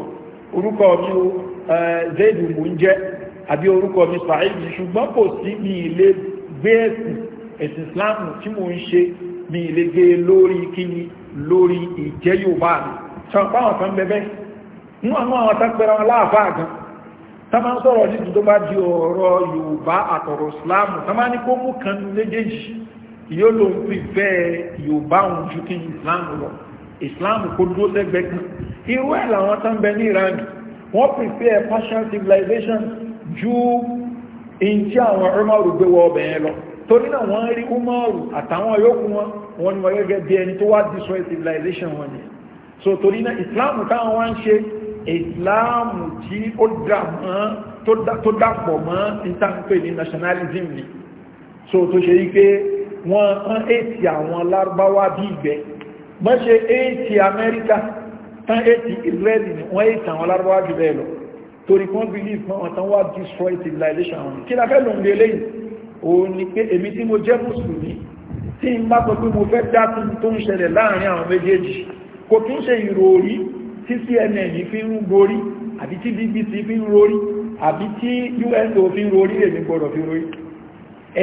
orúkọ mi ó zaidu mú ń jẹ́ àbí orúkọ mi sàáìdì ṣùgbọ́n kò sí mi ilé gbé ẹ̀sìn ẹ̀sìn ìsìláàmù tí mò ń ṣe mi ilé gbé e lórí kíni lórí ìjẹ́ yorùbá mi sọ pé kan bẹ́ẹ̀ bẹ́ẹ̀ tàbá ń sọ̀rọ̀ ní tó bá di ọ̀rọ̀ yorùbá àtọ̀rọ̀ islam tàbá ní kó mú kan méjèèjì yóò ló ń fi fẹ́ yorùbá òun ju kí islam lọ islam kó dúró lẹ́gbẹ̀ẹ́ kan irú ẹ̀ làwọn tán bẹ ní iran wọ́n prepare partial civilization ju in tí àwọn umaru gbé wọ ọbẹ̀ yẹn lọ torí náà wọ́n rí umaru àtàwọn yòókù wọn wọ́n ni wọ́n gẹ́gẹ́ bí ẹni tó wá destroy civilization wọn ni so torí náà Islamu táwọn wá ń ṣe ìsìláàmù tí ó dàpọ̀ mọ́ ìtànpé ní nationalism ni so tó ṣe rí pé wọ́n tán ètì àwọn lárúbáwá bí ìgbẹ́ wọ́n ṣe ètì amẹ́ríkà tán ètì israeli ni wọ́n ètì àwọn lárúbáwá jù bẹ́ẹ̀ lọ torí kan believe kan ọ̀tán wá destroy civilization àwọn kí láfẹ́ lòun lè léyìn òun ni pé èmi tí mo jẹ́ mùsùlùmí tí n bá sọ pé mo fẹ́ dá tó ń ṣẹlẹ̀ láàrin àwọn méjèèjì kò tún ṣe ìròrí tí cnn fi ń gorí àbí tí bbc fi ń rorí àbí tí uso fi ń rorí èmi gbọ́dọ̀ fi rorí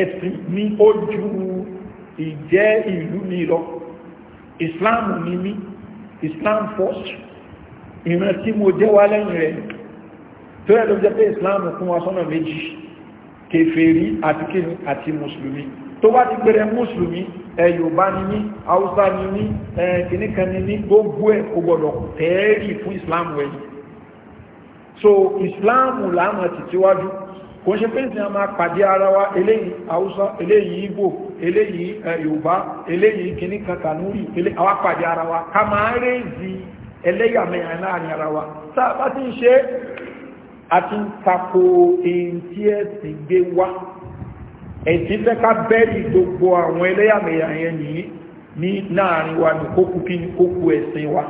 ẹ̀sìn ni ó ìjẹ́ ìlú mi lọ islam ni mí islam first ìran tí mo jẹ́ wá lẹ́yìn rẹ̀ tó yẹ ló jẹ́ pé islam kún wa sọ́nà méjì kèfèrí àti kí àti mùsùlùmí tó bá ti pẹ̀rẹ̀ mùsùlùmí ẹ yorùbá ni mí haúsá ni mí ẹ kìnnìkan ni mí gbogbo ẹ kò gbọdọ̀ tẹ́ẹ̀rì fún islam wẹ̀ so islam làwọn ti tiwájú kò ṣe pé ìsìn àmà pàdé ara wa eléyìí haúsá eléyìí igbo eléyìí ẹ yorùbá eléyìí kìnnìkan kanúrì eléyìí àwa pàdé ara wa ká máa rèézi ẹlẹ́yàmẹ̀yà láàrin ara wa tá a bá ti ń ṣe àti ń tako èyí tí ẹ sì gbé wá ẹ̀sìn fẹ́ ká bẹ́ẹ̀lì gbogbo àwọn ẹlẹ́yàmẹ̀yà yẹn nìyí ní láàrin wa ní kókù kí ní kókù ẹ̀sìn wa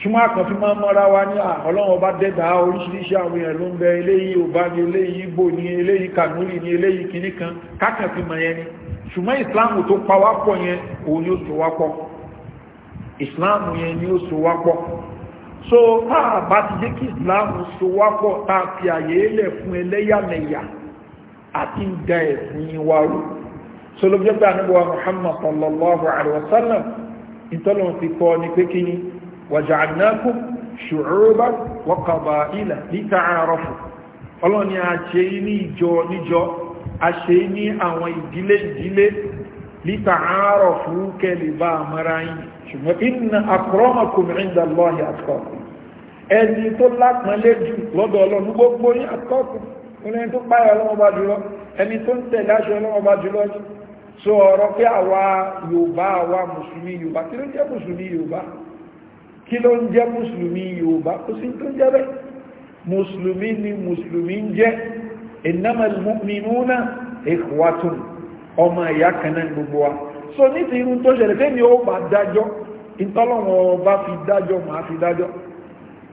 ṣúmọ́ àkànfí máa mọ́ra wa ní ọlọ́run ọba dẹ́dà oríṣiríṣi àwọn èèyàn ló ń bẹ eléyìí ọba ní eléyìí ibo ní eléyìí kanúrì ní eléyìí kìíní kan kákànfí mọ̀ yẹn ni ṣùgbọ́n ìsìláàmù tó pa wá pọ̀ yẹn òun ni ó so wá pọ̀ ìsìláàmù yẹn ni ó so wá pọ̀ so tá bá ti jẹ́ kí ìsìláàmù so wá pọ̀ tá a fi àyè lẹ̀ fún ẹlẹ́yàmẹ̀yà àti da ẹ̀sìn wa rú solóbíjọ́ pé àníbọ̀wá muhammad sallallahu alaihi wa sallam ìtọ́lọ̀ fi kọ́ ni pé kí ni waja'alnakum shu'uban wa qaba'ila lita'arafu ọlọ́run ni a ṣe ní ìjọ níjọ a ṣe ní àwọn ìdílé ìdílé lita'arafu kẹ́lẹ̀ bá àmọ́ra yìí ṣùgbọ́n inna akramakum 'inda Allahi atqakum ẹni tó lápọ̀lẹ́jù lọ́dọ̀ ọlọ́run gbogbo ní àtọ́kùn ẹni tó páyà ọlọ́wọ́ bá jùlọ ẹni tó ń tẹ̀lé aṣọ jùlọ ní so ọ̀rọ̀ pé àwa yorùbá àwa mùsùlùmí yorùbá kí ló ń jẹ́ mùsùlùmí yorùbá kí ló ń jẹ́ mùsùlùmí yorùbá kò sí tó ń jẹ́ bẹ́ẹ̀ mùsùlùmí ni mùsùlùmí ń jẹ́ innamal mu'minuna ikhwatun ọmọ ìyá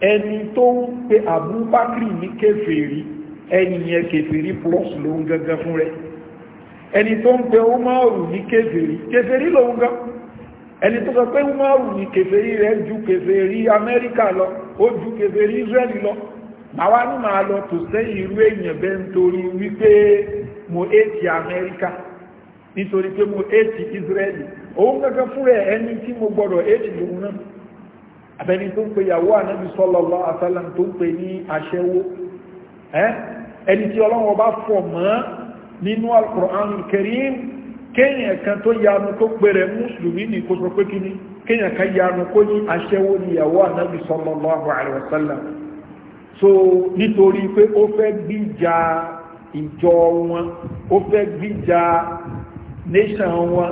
ẹni tó ń pe àbúbákìrì ní kèfèrí ẹniyẹn kèfèrí plus lòun gangan fún rẹ̀ ẹni tó ń pè umaru ní kèfèrí kèfèrí lòun gan ẹni tó sọ pé umaru ní kèfèrí rẹ̀ ju kèfèrí amẹ́ríkà lọ ó ju kèfèrí israeli lọ màwa ní màá lọ tò sẹ́yìn irú èèyàn bẹ́ẹ̀ nítorí wípé mo éètì amẹ́ríkà nítorí pé mo éètì israeli òun gangan fún rẹ̀ ẹni tí mo gbọ́dọ̀ éètì lòun náà abẹni tó ń pè yàwó ànábi sallallahu alaihi wasallam tó ń pè ní aṣẹ́wó ẹ́ ẹni tí ọlọ́wọ́ bá fọ̀ mọ́ nínú al-Qur'an al-Karim kéèyàn kan tó yanu tó pèrè mùsùlùmí ní kó sọ pé kí ni kéèyàn kan yanu kó ní aṣẹ́wó níyàwó ànábì sallallahu alaihi wasallam so nítorí pé ó fẹ́ gbíjà ìjọ wọn ó fẹ́ gbíjà nation wọn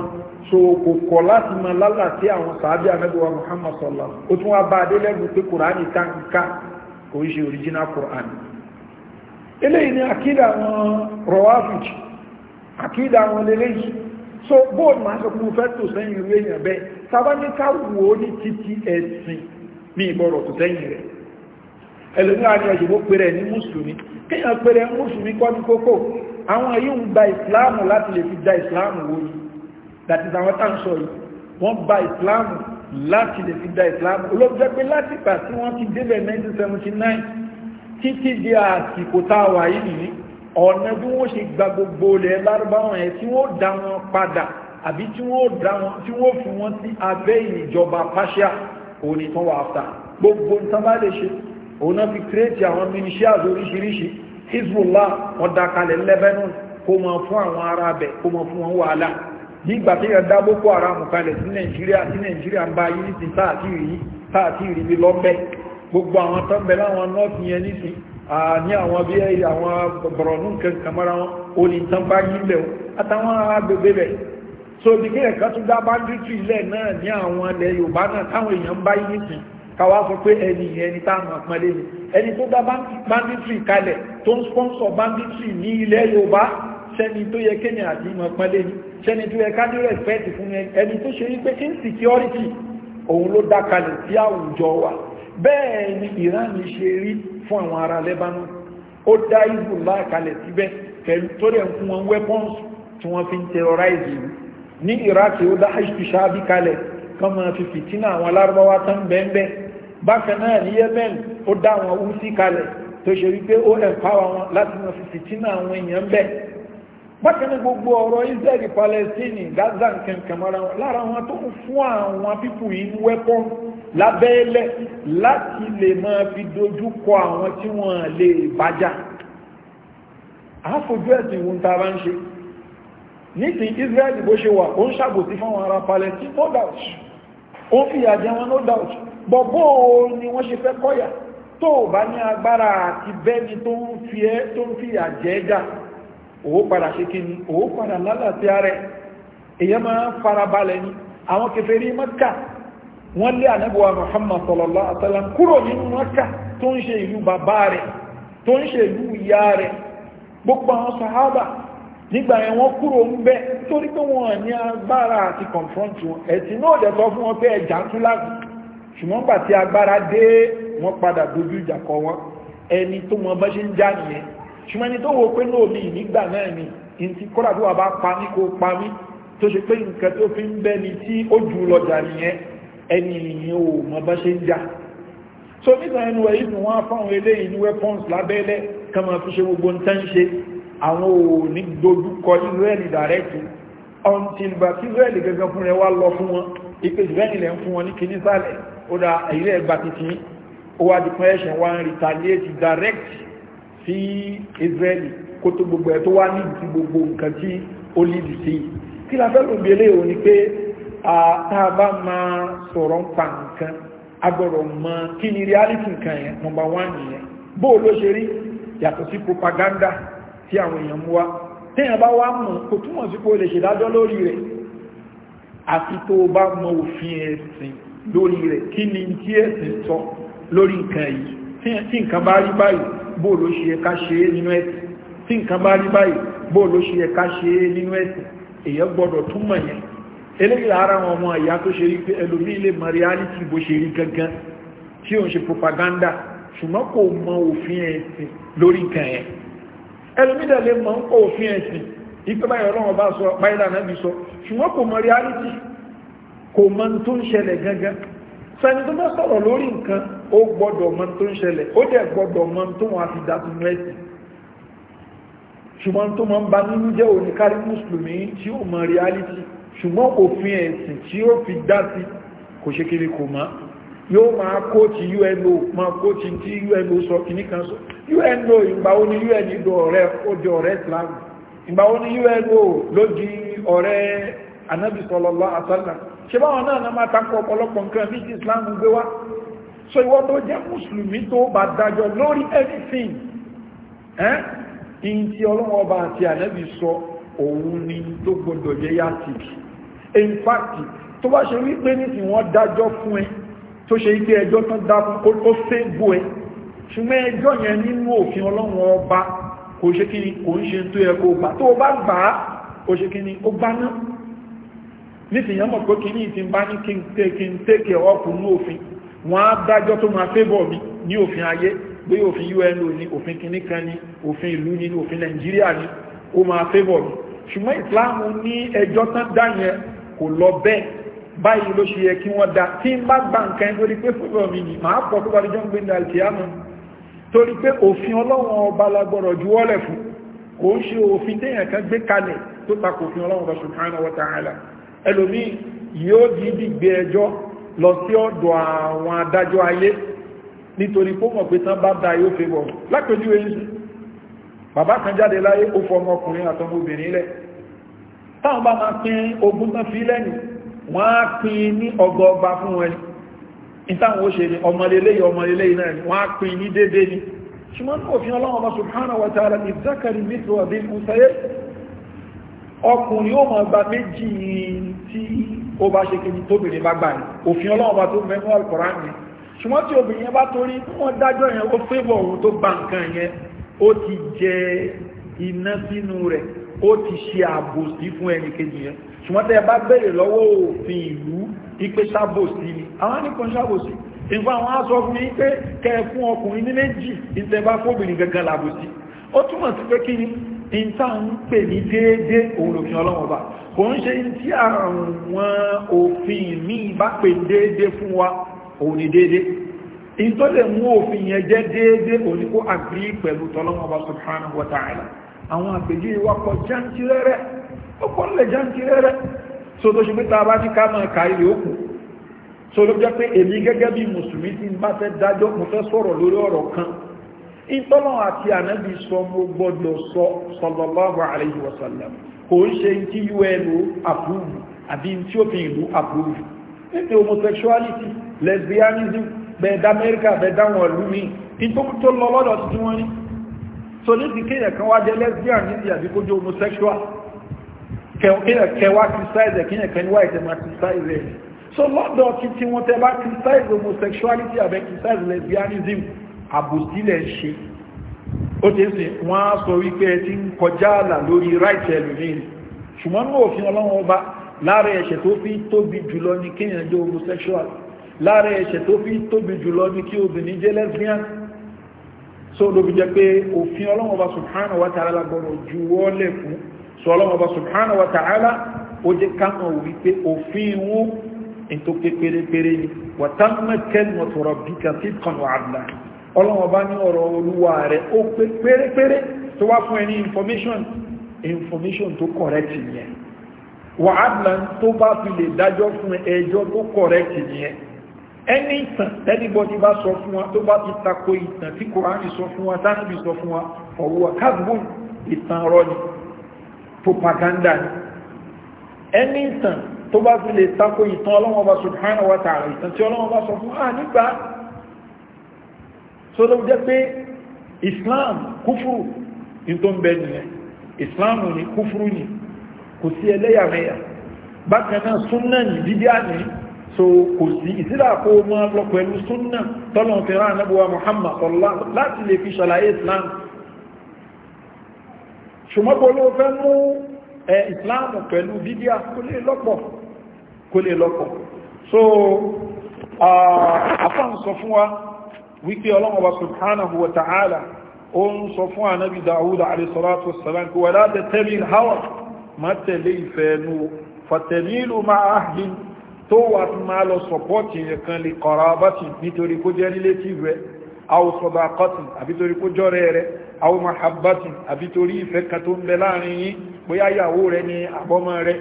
so kò kọ̀ láti mọ lálàtí àwọn sàábí anábíwa Muhammad sallallahu ó tún wá bá adélẹ́gùn pé kùránì táǹkà kò ń ṣe original kùránì eléyìí ni àkídà àwọn rọwáfíjì àkídà àwọn eléyìí so bóòdù máa sọ fún fẹ́ tò sẹ́yìn irú èèyàn bẹ́ẹ̀ sábà ní ká wò ó ní títí ẹ̀sìn ní ìgbọ́rọ̀ tó sẹ́yìn rẹ̀ ẹlòmíràn ni ọ̀ṣùgbó pẹ̀rẹ̀ ní mùsùlùmí kéèyàn pẹ̀rẹ̀ mùsùlùmí kọ́ ní kókó àwọn yìí ń gba ìsìláàmù láti lè fi da ìsìláàmù wò yìí dàtí àwọn tá 1979 títí di àsìkò tá a wà yìí nìyí ọ̀nà bí wọ́n ṣe gba gbogbo ilẹ̀ lárúbáwọn yẹn tí wọ́n dá wọn padà àbí tí wọ́n dá wọn tí wọ́n fi wọ́n sí abẹ́ ìjọba pàṣẹ òní tán wà áfta gbogbo nǹkan bá lè ṣe òun náà fi kírètì àwọn mínísíàs oríṣiríṣi Hezbollah wọn dá kalẹ̀ Lebanon kó mọ fún àwọn ará bẹ̀ kó mọ fún wọn wàhálà nígbà tí yẹn dá Boko Haram kalẹ̀ sí Nàìjíríà sí Nàìjíríà ń bá yìí sí táàtì gbogbo àwọn tó ń bẹ láwọn north yẹn nísìn ní àwọn bí àwọn bọ̀rọ̀nù kankan wọn ó ní tán bá yílẹ̀ o àtàwọn agbègbè bẹ̀ so bí kí ẹ̀ka tún dá bájútù ilẹ̀ náà ní àwọn ilẹ̀ yorùbá náà táwọn èèyàn ń bá yí nísìn káwá sọ pé ẹni ìyẹn ni táwọn àpọ́nlé ni ẹni tó dá banditry kalẹ̀ tó ń sponsor banditry ní ilẹ̀ yorùbá sẹ́ni tó yẹ kéèyàn àti ìmọ̀ pẹ́lẹ́ ní sẹ́ni tó yẹ kájú respect fún ẹni tó ṣe wípé insecurity òun ló dákalẹ̀ sí àwùjọ wa bẹ́ẹ̀ ni Iran ṣe rí fún àwọn ará Lebanon ó dá Hezbollah kalẹ̀ síbẹ̀ pẹ̀lú tó dẹ̀ fún wọn weapons tí wọ́n fi ń terrorize yìí ní Iraq ó dá hajj shabi kalẹ̀ kan máa fi fìtínà àwọn alárúbáwá tán bẹ́ẹ̀ bákan náà ní Yemen ó dá àwọn húsí kalẹ̀ tó ṣe wípé ó empower wọn láti máa fi fìtínà àwọn èèyàn bẹ́ẹ̀ bákan náà gbogbo ọ̀rọ̀ Israeli Palestine Gaza nkankan mara wọn lára wọn tó ń fún àwọn pípù yìí ní weapons lábẹ́ẹ́lẹ̀ láti lè máa fi dojú kọ àwọn tí wọ́n lè bájá àáfojú ẹ̀sìn ìwọ̀n tàbá ń ṣe ní ti Israeli bó ṣe wà ó ń ṣàbòsí fáwọn ará Palestine no doubt ó fi àjẹ wọn no doubt bọ̀bọ́ ni wọ́n ṣe fẹ́ kọ́yà tó bá ní agbára àti bẹ́ni tó ń fi ẹ́ tó ń fi àjẹ́ ẹja òó padà ṣe kí ni òó padà lálàáfíà rẹ̀ èyàn máa farabalẹ̀ ni àwọn kèfèrí Mẹ́kà wọ́n lé ànábùwà muhammad sallallahu alaihi wasallam kúrò ní maka tó ń ṣe ìlú bàbá rẹ̀ tó ń ṣe ìlú ìyá rẹ̀ gbogbo àwọn sahaba nígbà yẹn wọ́n kúrò ń bẹ torí pé wọ́n ní agbára àti confront wọn ẹ̀sìn náà dẹ̀ sọ fún wọn pé ẹja tún láti ṣùgbọ́n gbà tí agbára dé wọ́n padà dojú ìjà kọ wọn ẹni tó wọn bá ṣe ń já nìyẹn ṣùgbọ́n ẹni tó wo pé náà mi nígbà náà ni ìntí kọ́dà tó wà bá pa mí kó pa mí tó ṣe pé nǹkan tó fi ń bẹ́ni tí ó jù lọ jà nìyẹn ẹni ìyìn o mọ bá ṣe ń já so nígbà ẹnu ẹ̀ ìfún wọn fáwọn eléyìí ní weapons lábẹ́lẹ̀ kan máa fi ṣe gbogbo ń tán ṣe àwọn ò dojúkọ Israeli direct until bá tí Israeli gẹ́gẹ́ fún rẹ̀ wá lọ fún wọn ìpè Israeli lẹ́ ń fún wọn ní kìíní sálẹ̀ ó dá ilé ẹgbà títí ó wá di pẹ́ẹ̀ṣẹ̀ wá ń retaliate direct sí Israel kó tó gbogbo ẹ̀ tó wá níbi tí gbogbo nǹkan tí ó lè sí kí la fẹ́ lóbi eléyìí ò ní pé àtàbà máa sọ̀rọ̀ ń pa nǹkan agbọ̀rọ̀ mọ́ kí ni reality nǹkan yẹn nọmba wán nìyẹn bó ló ṣe rí yàtọ̀ sí propaganda tí àwọn èèyàn mú wá téèyàn bá wá mọ̀ kò túmọ̀ sí pé o lè ṣèdájọ́ lórí rẹ̀ àti tó o bá mọ òfin ẹ̀sìn lórí rẹ̀ kí ni tí ẹ̀sìn sọ lórí nǹkan yìí tí nǹkan bá rí báyìí bó ló ṣe ká ṣe é nínú ẹ̀sìn tí nǹkan bá rí báyìí bó ló ṣe ká ṣe é nínú ẹ̀sìn èèyàn gbọ́dọ̀ túmọ̀ yẹn eléyìí ara wọn ọmọ àyà tó ṣe rí pé ẹlòmí ilé mariality bó ṣe rí gangan tí ó ń ṣe propaganda ṣùgbọ́n kò mọ òfin ẹ̀sìn lórí nǹkan ẹ̀ ẹlòmí dẹ̀ lè mọ̀ ń kọ òfin ẹ̀sìn ipe báyọ̀ ọlọ́run bá sọ báyìí lànà bí sọ ṣùgbọ́n kò mọ reality kò mọ tó ń ṣẹlẹ̀ gangan sani tó bá sọ̀rọ̀ lórí nǹkan ó gbọ́dọ̀ mọ tó ń ṣẹlẹ̀ ó dẹ̀ gbọ́dọ̀ mọ tó wọn àti dàtúnú ẹ̀sìn ṣùgbọ́n tó mọ ń ba nínú jẹ́ oníkárí mùsùlùmí tí ó mọ reality ṣùgbọ́n òfin ẹ̀sìn tí ó fi dá sí kò ṣe kiri kò má yóò máa kó ti UNO tí UNO sọ ní kan sọ UNO ìgbà ni ní UN ìdò ọ̀rẹ́ ọ̀rẹ́ Islam ìgbà ni ní UNO ló di ọ̀rẹ́ Ànábì sallallahu na máa takọ ọ̀pọ̀lọpọ̀ nǹkan bí ti Islam gbé wá so tó jẹ́ mùsùlùmí tó bá dájọ́ lórí ìyìn tí ọlọ́wọ́ àti òun ni tó gbọdọ̀ in fact tó bá ṣe wípé nìsí wọ́n dájọ́ fún ẹ tó ṣe ike ẹjọ́ tán dá fún ó sé bó ẹ ṣùgbọ́n ẹjọ́ yẹn nínú òfin ọlọ́run ọba kò ṣe kí ni kò ń ṣe tó yẹ kó gbà tó bá gbà á ó ṣe kí ni ó gbá náà nìsí yẹn mọ̀ pé kí ní ìtì bá ní kí n tẹ́ kí n tẹ́ kí ọ kù ní òfin wọ́n á dájọ́ tó máa fẹ́bọ̀ mi ní òfin ayé gbé òfin un ní òfin kìíní kan ní òfin ìlú ní òfin nàìjíríà ní ó máa fẹ́bọ̀ mi ṣùgbọ́n ìsìláàmù ní ẹjọ́ tán dá yẹn kò lọ bẹ́ẹ̀ báyìí ló ṣe yẹ kí wọ́n dá tí ń bá gba nǹkan torí pé fúnlọ mi ni màá pọ̀ tó bá lè jọ ń gbé ní alkiyama torí pé òfin ọlọ́run ọba lagbọ́rọ̀ ju fún kò ń ṣe òfin téèyàn kan gbé kalẹ̀ tó takò òfin ọlọ́run ọba subhanahu wa ta'ala ẹlòmí yóò dìídì gbé ẹjọ́ lọ sí ọ̀dọ̀ àwọn adájọ́ ayé nítorí pé mọ̀ pé tán bá da yóò fẹ́ bọ̀ lápẹjú eyín bàbá kan jáde láyé ó fọmọkùnrin àtọmọbìnrin lẹ́ẹ̀ táwọn bá máa pín ogún tán fi lẹ́nu wọ́n á pín ní ọgọ́ọgba fún wọn ìtàwọn ó ṣe ni ọmọlélẹ́yìn ọmọlélẹ́yìn náà ni wọ́n á pín ní dédé ni ṣùgbọ́n náà òfin ọlọ́wọ́ bá wa ta'ala ní zakari mithlu àbí musaye ọkùnrin ó máa gba méjì tí ó bá ṣe kìí tóbìnrin bá gbà ní òfin ọlọ́wọ́ bá tó mẹ́nu alkọ̀rán ni ṣùgbọ́n wọ́n dájọ́ yẹn ó fẹ́bọ̀ ohun tó ó ti ṣe àbòsí fún ẹnì kejì yẹn ṣùgbọ́n tẹ́ ẹ bá béèrè lọ́wọ́ òfin ìlú ipe ṣàbòsí ni àwọn ní kan ṣàbòsí ìfún àwọn aṣọ fún mi pé kẹ fún ọkùnrin ní méjì ìtẹ́ bá fóbìnrin gangan làbòsí ó túmọ̀ sí pé kí ni ìta ń pè ní déédé òun lòfin ọlọ́wọ́n bá kò ń ṣe tí àwọn òfin míì bá pè déédé fún wa òun ni déédé ìtọ́lẹ̀ mú òfin yẹn jẹ́ déédé òun àgbí pẹ̀lú tọ́lọ́wọ́n subhanahu wa ta'ala àwọn àpèjú ìwà pọ̀ jántìrẹ́rẹ́ ó pọ̀ nílẹ̀ jántìrẹ́rẹ́ so tó ṣe pé ta bá ní ká máa ka ilé òkú so ló jẹ́ pé èmi gẹ́gẹ́ bí mùsùlùmí tí ń bá fẹ́ dájọ́ mo fẹ́ sọ̀rọ̀ lórí ọ̀rọ̀ kan ìtọ́lọ̀ àti ànábì sọ mo gbọ́dọ̀ sọ sallallahu alayhi wa kò ń ṣe tí un approve àbí tí òfin ìlú approve nípa homosexuality lesbianism bẹ̀ẹ̀dá amẹ́ríkà bẹ̀ẹ̀dá wọn lú mi ìtọ́kùtọ́ lọ lọ́dọ̀ tí wọ́n ní so níbi kéèyàn kan wá jẹ́ lesbian níbi àbí kó jẹ́ homosexual kẹwàá criticize ẹ̀ kéèyàn kan ní white ma criticize ẹ̀ so lọ́dọ̀ kí tí wọ́n tẹ́ criticize homosexuality àbẹ́ criticize lesbianism àbòsílẹ̀ ṣe ó ti sìn wọ́n á sọ wípé ẹ ti ń kọjá àlà lórí right ẹlòmíì ṣùgbọ́n ní òfin ọlọ́run ọba homosexual lára ẹ̀ṣẹ̀ tó fi tóbi jùlọ ní kí obìnrin jẹ́ lesbian so ló fi jẹ́ pé òfin ọlọ́mọba subhanahu wa ta'ala gbọ́rọ̀ ju wọ́lẹ̀ fún so ọlọ́mọba subhanahu wa ta'ala ó jẹ́ káwọn wí pé òfin wọn in tó pé pérépéré ni wa tammat kalimatu rabbika sidqan wa 'adla ọlọ́mọba ní ọ̀rọ̀ olúwa rẹ̀ ó pé tó wá fún ẹni information information tó correct yẹn wa 'adla tó bá fi lè dájọ́ fún ẹjọ́ tó correct yẹn ẹni ìtàn tẹ́nibọ́dí bá sọ fún wa tó bá ti tako ìtàn tí kòránì sọ fún wa tánàbí sọ fún wa ọ̀wọ́ kágbọ́n ìtàn rọ ni propaganda ni ẹni ìtàn tó bá fi lè tako ìtàn ọlọ́wọ́ bá subhanahu wa ta'ala ìtàn tí ọlọ́wọ́ bá sọ fún wa nígbà tó ló jẹ́ pé islam kúfúrú ní tó ń bẹ nìyẹn islam ni kúfúrú ni kò sí ẹlẹ́yàmẹ̀yà bákan náà súnnà ní dídí àná so kò sí ìsílà kó mọ́ lọ pẹ̀lú súnnà tọ́lọ̀n fi rán anábúwa muhammad sọ́lá láti lè fi ṣàlàyé islam ṣùgbọ́n ló fẹ́ mú islam pẹ̀lú bídíà kò lè lọ́pọ̀ kò lè lọ́pọ̀ so afán sọ fún wa wípé ọlọ́mọba subhanahu wa ta'ala ó ń sọ fún anábi dawud alayhi salatu wassalam wà láti tẹ́lẹ̀ hawa má ìfẹ́ nu fatẹ̀lé ìlú máa tó wà tó máa lọ sọ̀pọ́tì nìkan lè qarabati nítorí kó jẹ́ relative rẹ̀ àwọn sadaqati àbí torí kó jọ́rẹ́ rẹ̀ àwọn àbí torí ìfẹ́ kan tó ń bẹ láàrin rẹ̀ ni àbọ́mọ rẹ̀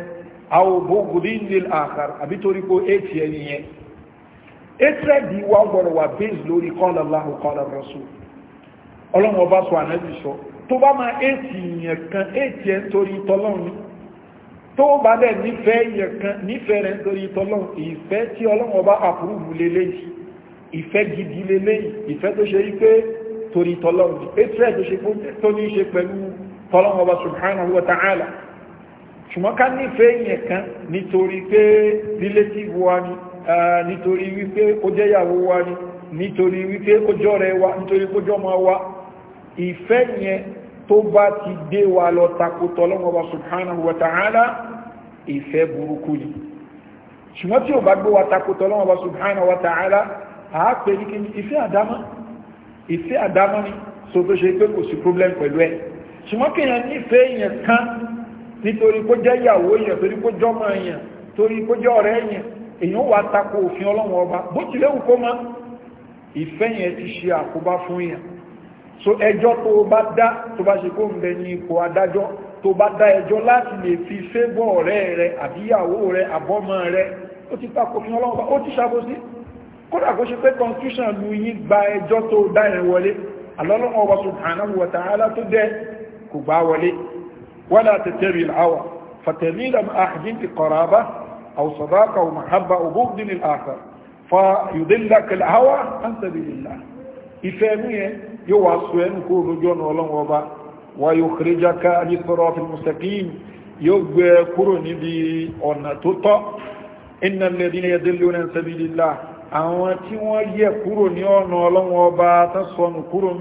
àwọn àbí wa gbọ́dọ̀ wà lórí tó bá dẹ̀ nífẹ̀ẹ́ yẹn kan nífẹ̀ẹ́ rẹ̀ nítorí tọ́lọ́ ìfẹ́ tí ọlọ́run ọba àpúrúbù lélẹ́yìí ìfẹ́ gidi lélẹ́yìí ìfẹ́ tó ṣe wípé torí tọ́lọ́run ní etrẹ́ tó ṣe tó ní ṣe pẹ̀lú tọ́lọ́run ọba subhanahu wa ta'ala ṣùgbọ́n ká nífẹ̀ẹ́ yẹn kan nítorí pé tó bá ti dé wa lọ takótọ́ Ọlọ́hun subhanahu wa ta'ala ìfẹ́ burúkú ni ṣùgbọ́n tí ó bá gbé wa takótọ́ Ọlọ́hun subhanahu wa ta'ala a pè ní kí ni ìfẹ́ àdámá ìfẹ́ àdámá ni so tó ṣe pé kò sí problem pẹ̀lú ẹ̀ ṣùgbọ́n kí èèyàn nífẹ́ èèyàn kan nítorí kó jẹ́ ìyàwó èèyàn torí kó jọmọ èèyàn torí kó jẹ́ ọ̀rẹ́ èèyàn èèyàn wà takò òfin Ọlọ́hun Ọba bó tilẹ̀ wù kó mọ́ ìfẹ́ yẹn ti ṣe àkóbá fún èèyàn so ẹjọ́ tó bá dá tó bá ṣe kó ń bẹ ní ipò adájọ́ tó bá dá ẹjọ́ láti lè fi fébọ̀ ọ̀rẹ́ rẹ àbíyàwó rẹ àbọ́mọ rẹ ó ti tako fi ọlọ́wọ́ ó ti ṣàbòsí kódà kó ṣe pé constitution lu yín gba ẹjọ́ tó dá ẹ wọlé alọ́lọ́wọ́ wa subhanahu wa ta'ala tó dẹ kò gbá wọlé wala tẹ̀tẹ̀rì àwà fàtẹ̀lílà àhàjín ti qaraba aw sadaqa aw mahabba aw bughdin al-akhar fa yudillaka al-hawa an sabilillah ìfẹ́ mú yẹn yóò wá sọ ẹnu kó lójú ọ̀nà ọlọ́run ọba wa yukhrijaka ní siratil mustaqim yóò gbé kúrò níbi ọ̀nà tó tọ́ innal ladhina yadilluna an sabilillah àwọn tí wọ́n yẹ kúrò ní ọ̀nà ọlọ́run ọba tó sọnù kúrò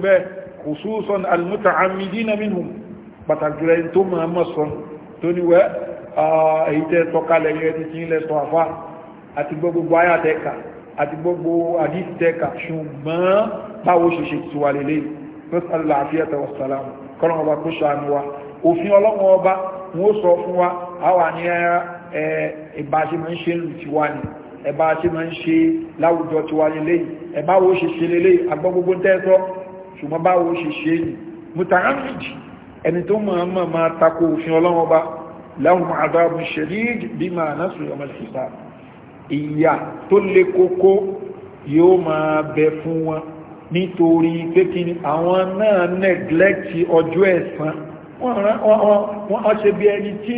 àti gbogbo àdìtẹ́kà ṣùgbọ́n báwo ṣe ṣe tiwa lélẹ̀ lọ́sàlá àfíẹ́tẹ̀ wàsálàmù kọ́nà ọba kó ṣàánú wa òfin ọlọ́wọ́n ọba wọ́n sọ fún wa àwa ní ẹ̀bá ṣe máa ń ṣe lù tiwa ni ẹ̀bá ṣe máa ń ṣe láwùjọ tiwa lélẹ̀ ẹ̀bá wo ṣe ṣe lélẹ̀ agbọ́ gbogbo tẹ́ẹ̀tọ́ ṣùgbọ́n báwo ṣe bima nasu yawmal hisab ìyà tó le kókó yóò máa bẹ fún wọn nítorí pé kí ni àwọn náà nẹ́gílẹ́tì ọjọ́ ẹ̀san wọ́n ṣe bí ẹni tí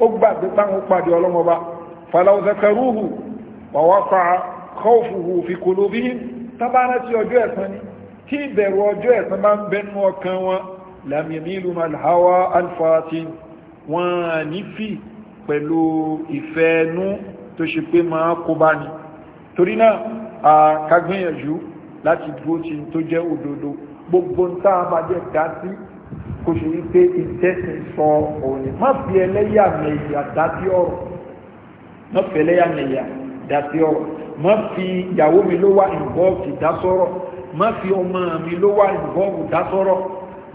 ó gbàgbé táwọn pàdé ọlọ́mọba fàlàuzakaruhu wàwáfà kọ́ọ̀fùhù fi kulubihim tábára tí ọjọ́ ẹ̀san ni tí ìbẹ̀rù ọjọ́ ẹ̀san bá ń bẹnu ọkàn wọn lámìmílù malhawa alfatin wọ́n ní pẹ̀lú ìfẹ́ẹ̀nú tó ṣe pé máa kó bá ní torí náà a kagbìyànjú láti dúró tí tó jẹ́ òdodo gbogbo ń tá a máa jẹ́ dá sí kò ṣe wípé ìtẹ́sìn sọ òní má fi ẹlẹ́yàmẹ̀yà dá sí ọ̀rọ̀ má fi ẹlẹ́yàmẹ̀yà dá sí ọ̀rọ̀ má fi ìyàwó mi ló wà involved dá sọ̀rọ̀ má fi ọmọ mi ló wà involved dá sọ̀rọ̀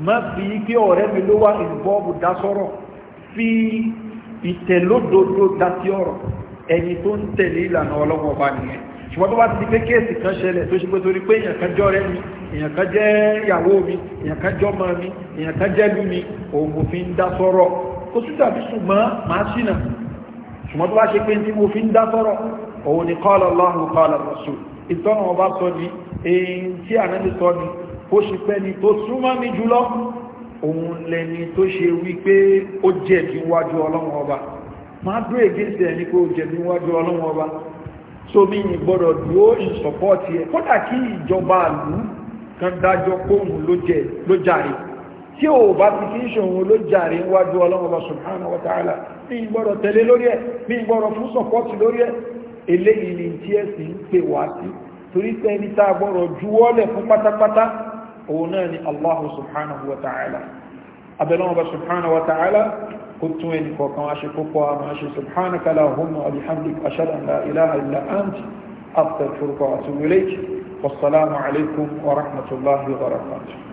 má fi ike ọ̀rẹ́ mi ló wà involved dá sọ̀rọ̀ fi ìtẹ̀lódodo dá sí ọ̀rọ̀ ẹni tó ń tẹ̀lé ìlànà ọlọ́wọ́ ọba nìyẹn ṣùgbọ́n tó bá ti di pé kéèsì kan ṣẹlẹ̀ tó ṣe pé torí pé èèyàn kan jọ́ rẹ́ mi èèyàn kan jẹ́ ìyàwó mi èèyàn kan jọ́ ọmọ mi èèyàn kan jẹ́ lú mi òun kò fi ń dá sọ́rọ̀ kó tún dàbí ṣùgbọ́n máa ṣìnà ṣùgbọ́n tó bá ṣe pé tí mo fi ń dá sọ́rọ̀ òun ni qala Rasul ìtọ́nà ọba sọ ni èyí tí ànábì sọ ni ó ṣe pẹ́ ni tó súnmọ́ mi ọlọ́run ọba máa dúró against ẹni pé ó jẹ̀bi wájú ọlọ́wọ́ wa so mi ní gbọ́dọ̀ dúró in support ẹ kódà kí ìjọba àlú kan dájọ́ kóhùn ló tí ò bá ti kí ṣòhun ló wájú ọlọ́wọ́ wa ta'ala mi gbọ́dọ̀ tẹ̀lé lórí ẹ mi gbọ́dọ̀ fún support lórí ẹ eléyìí tá a gbọ́dọ̀ juwọ́lẹ̀ fún pátápátá òun náà ni allahu wa ta'ala abẹ́lọ́wọ́ wa subhanahu wa ta'ala قلت وينك وكماشي فوقها ماشي سبحانك لا هم وبحمدك أشهد أن لا إله إلا أنت أفضل فرقة وأتوب إليك والسلام عليكم ورحمة الله وبركاته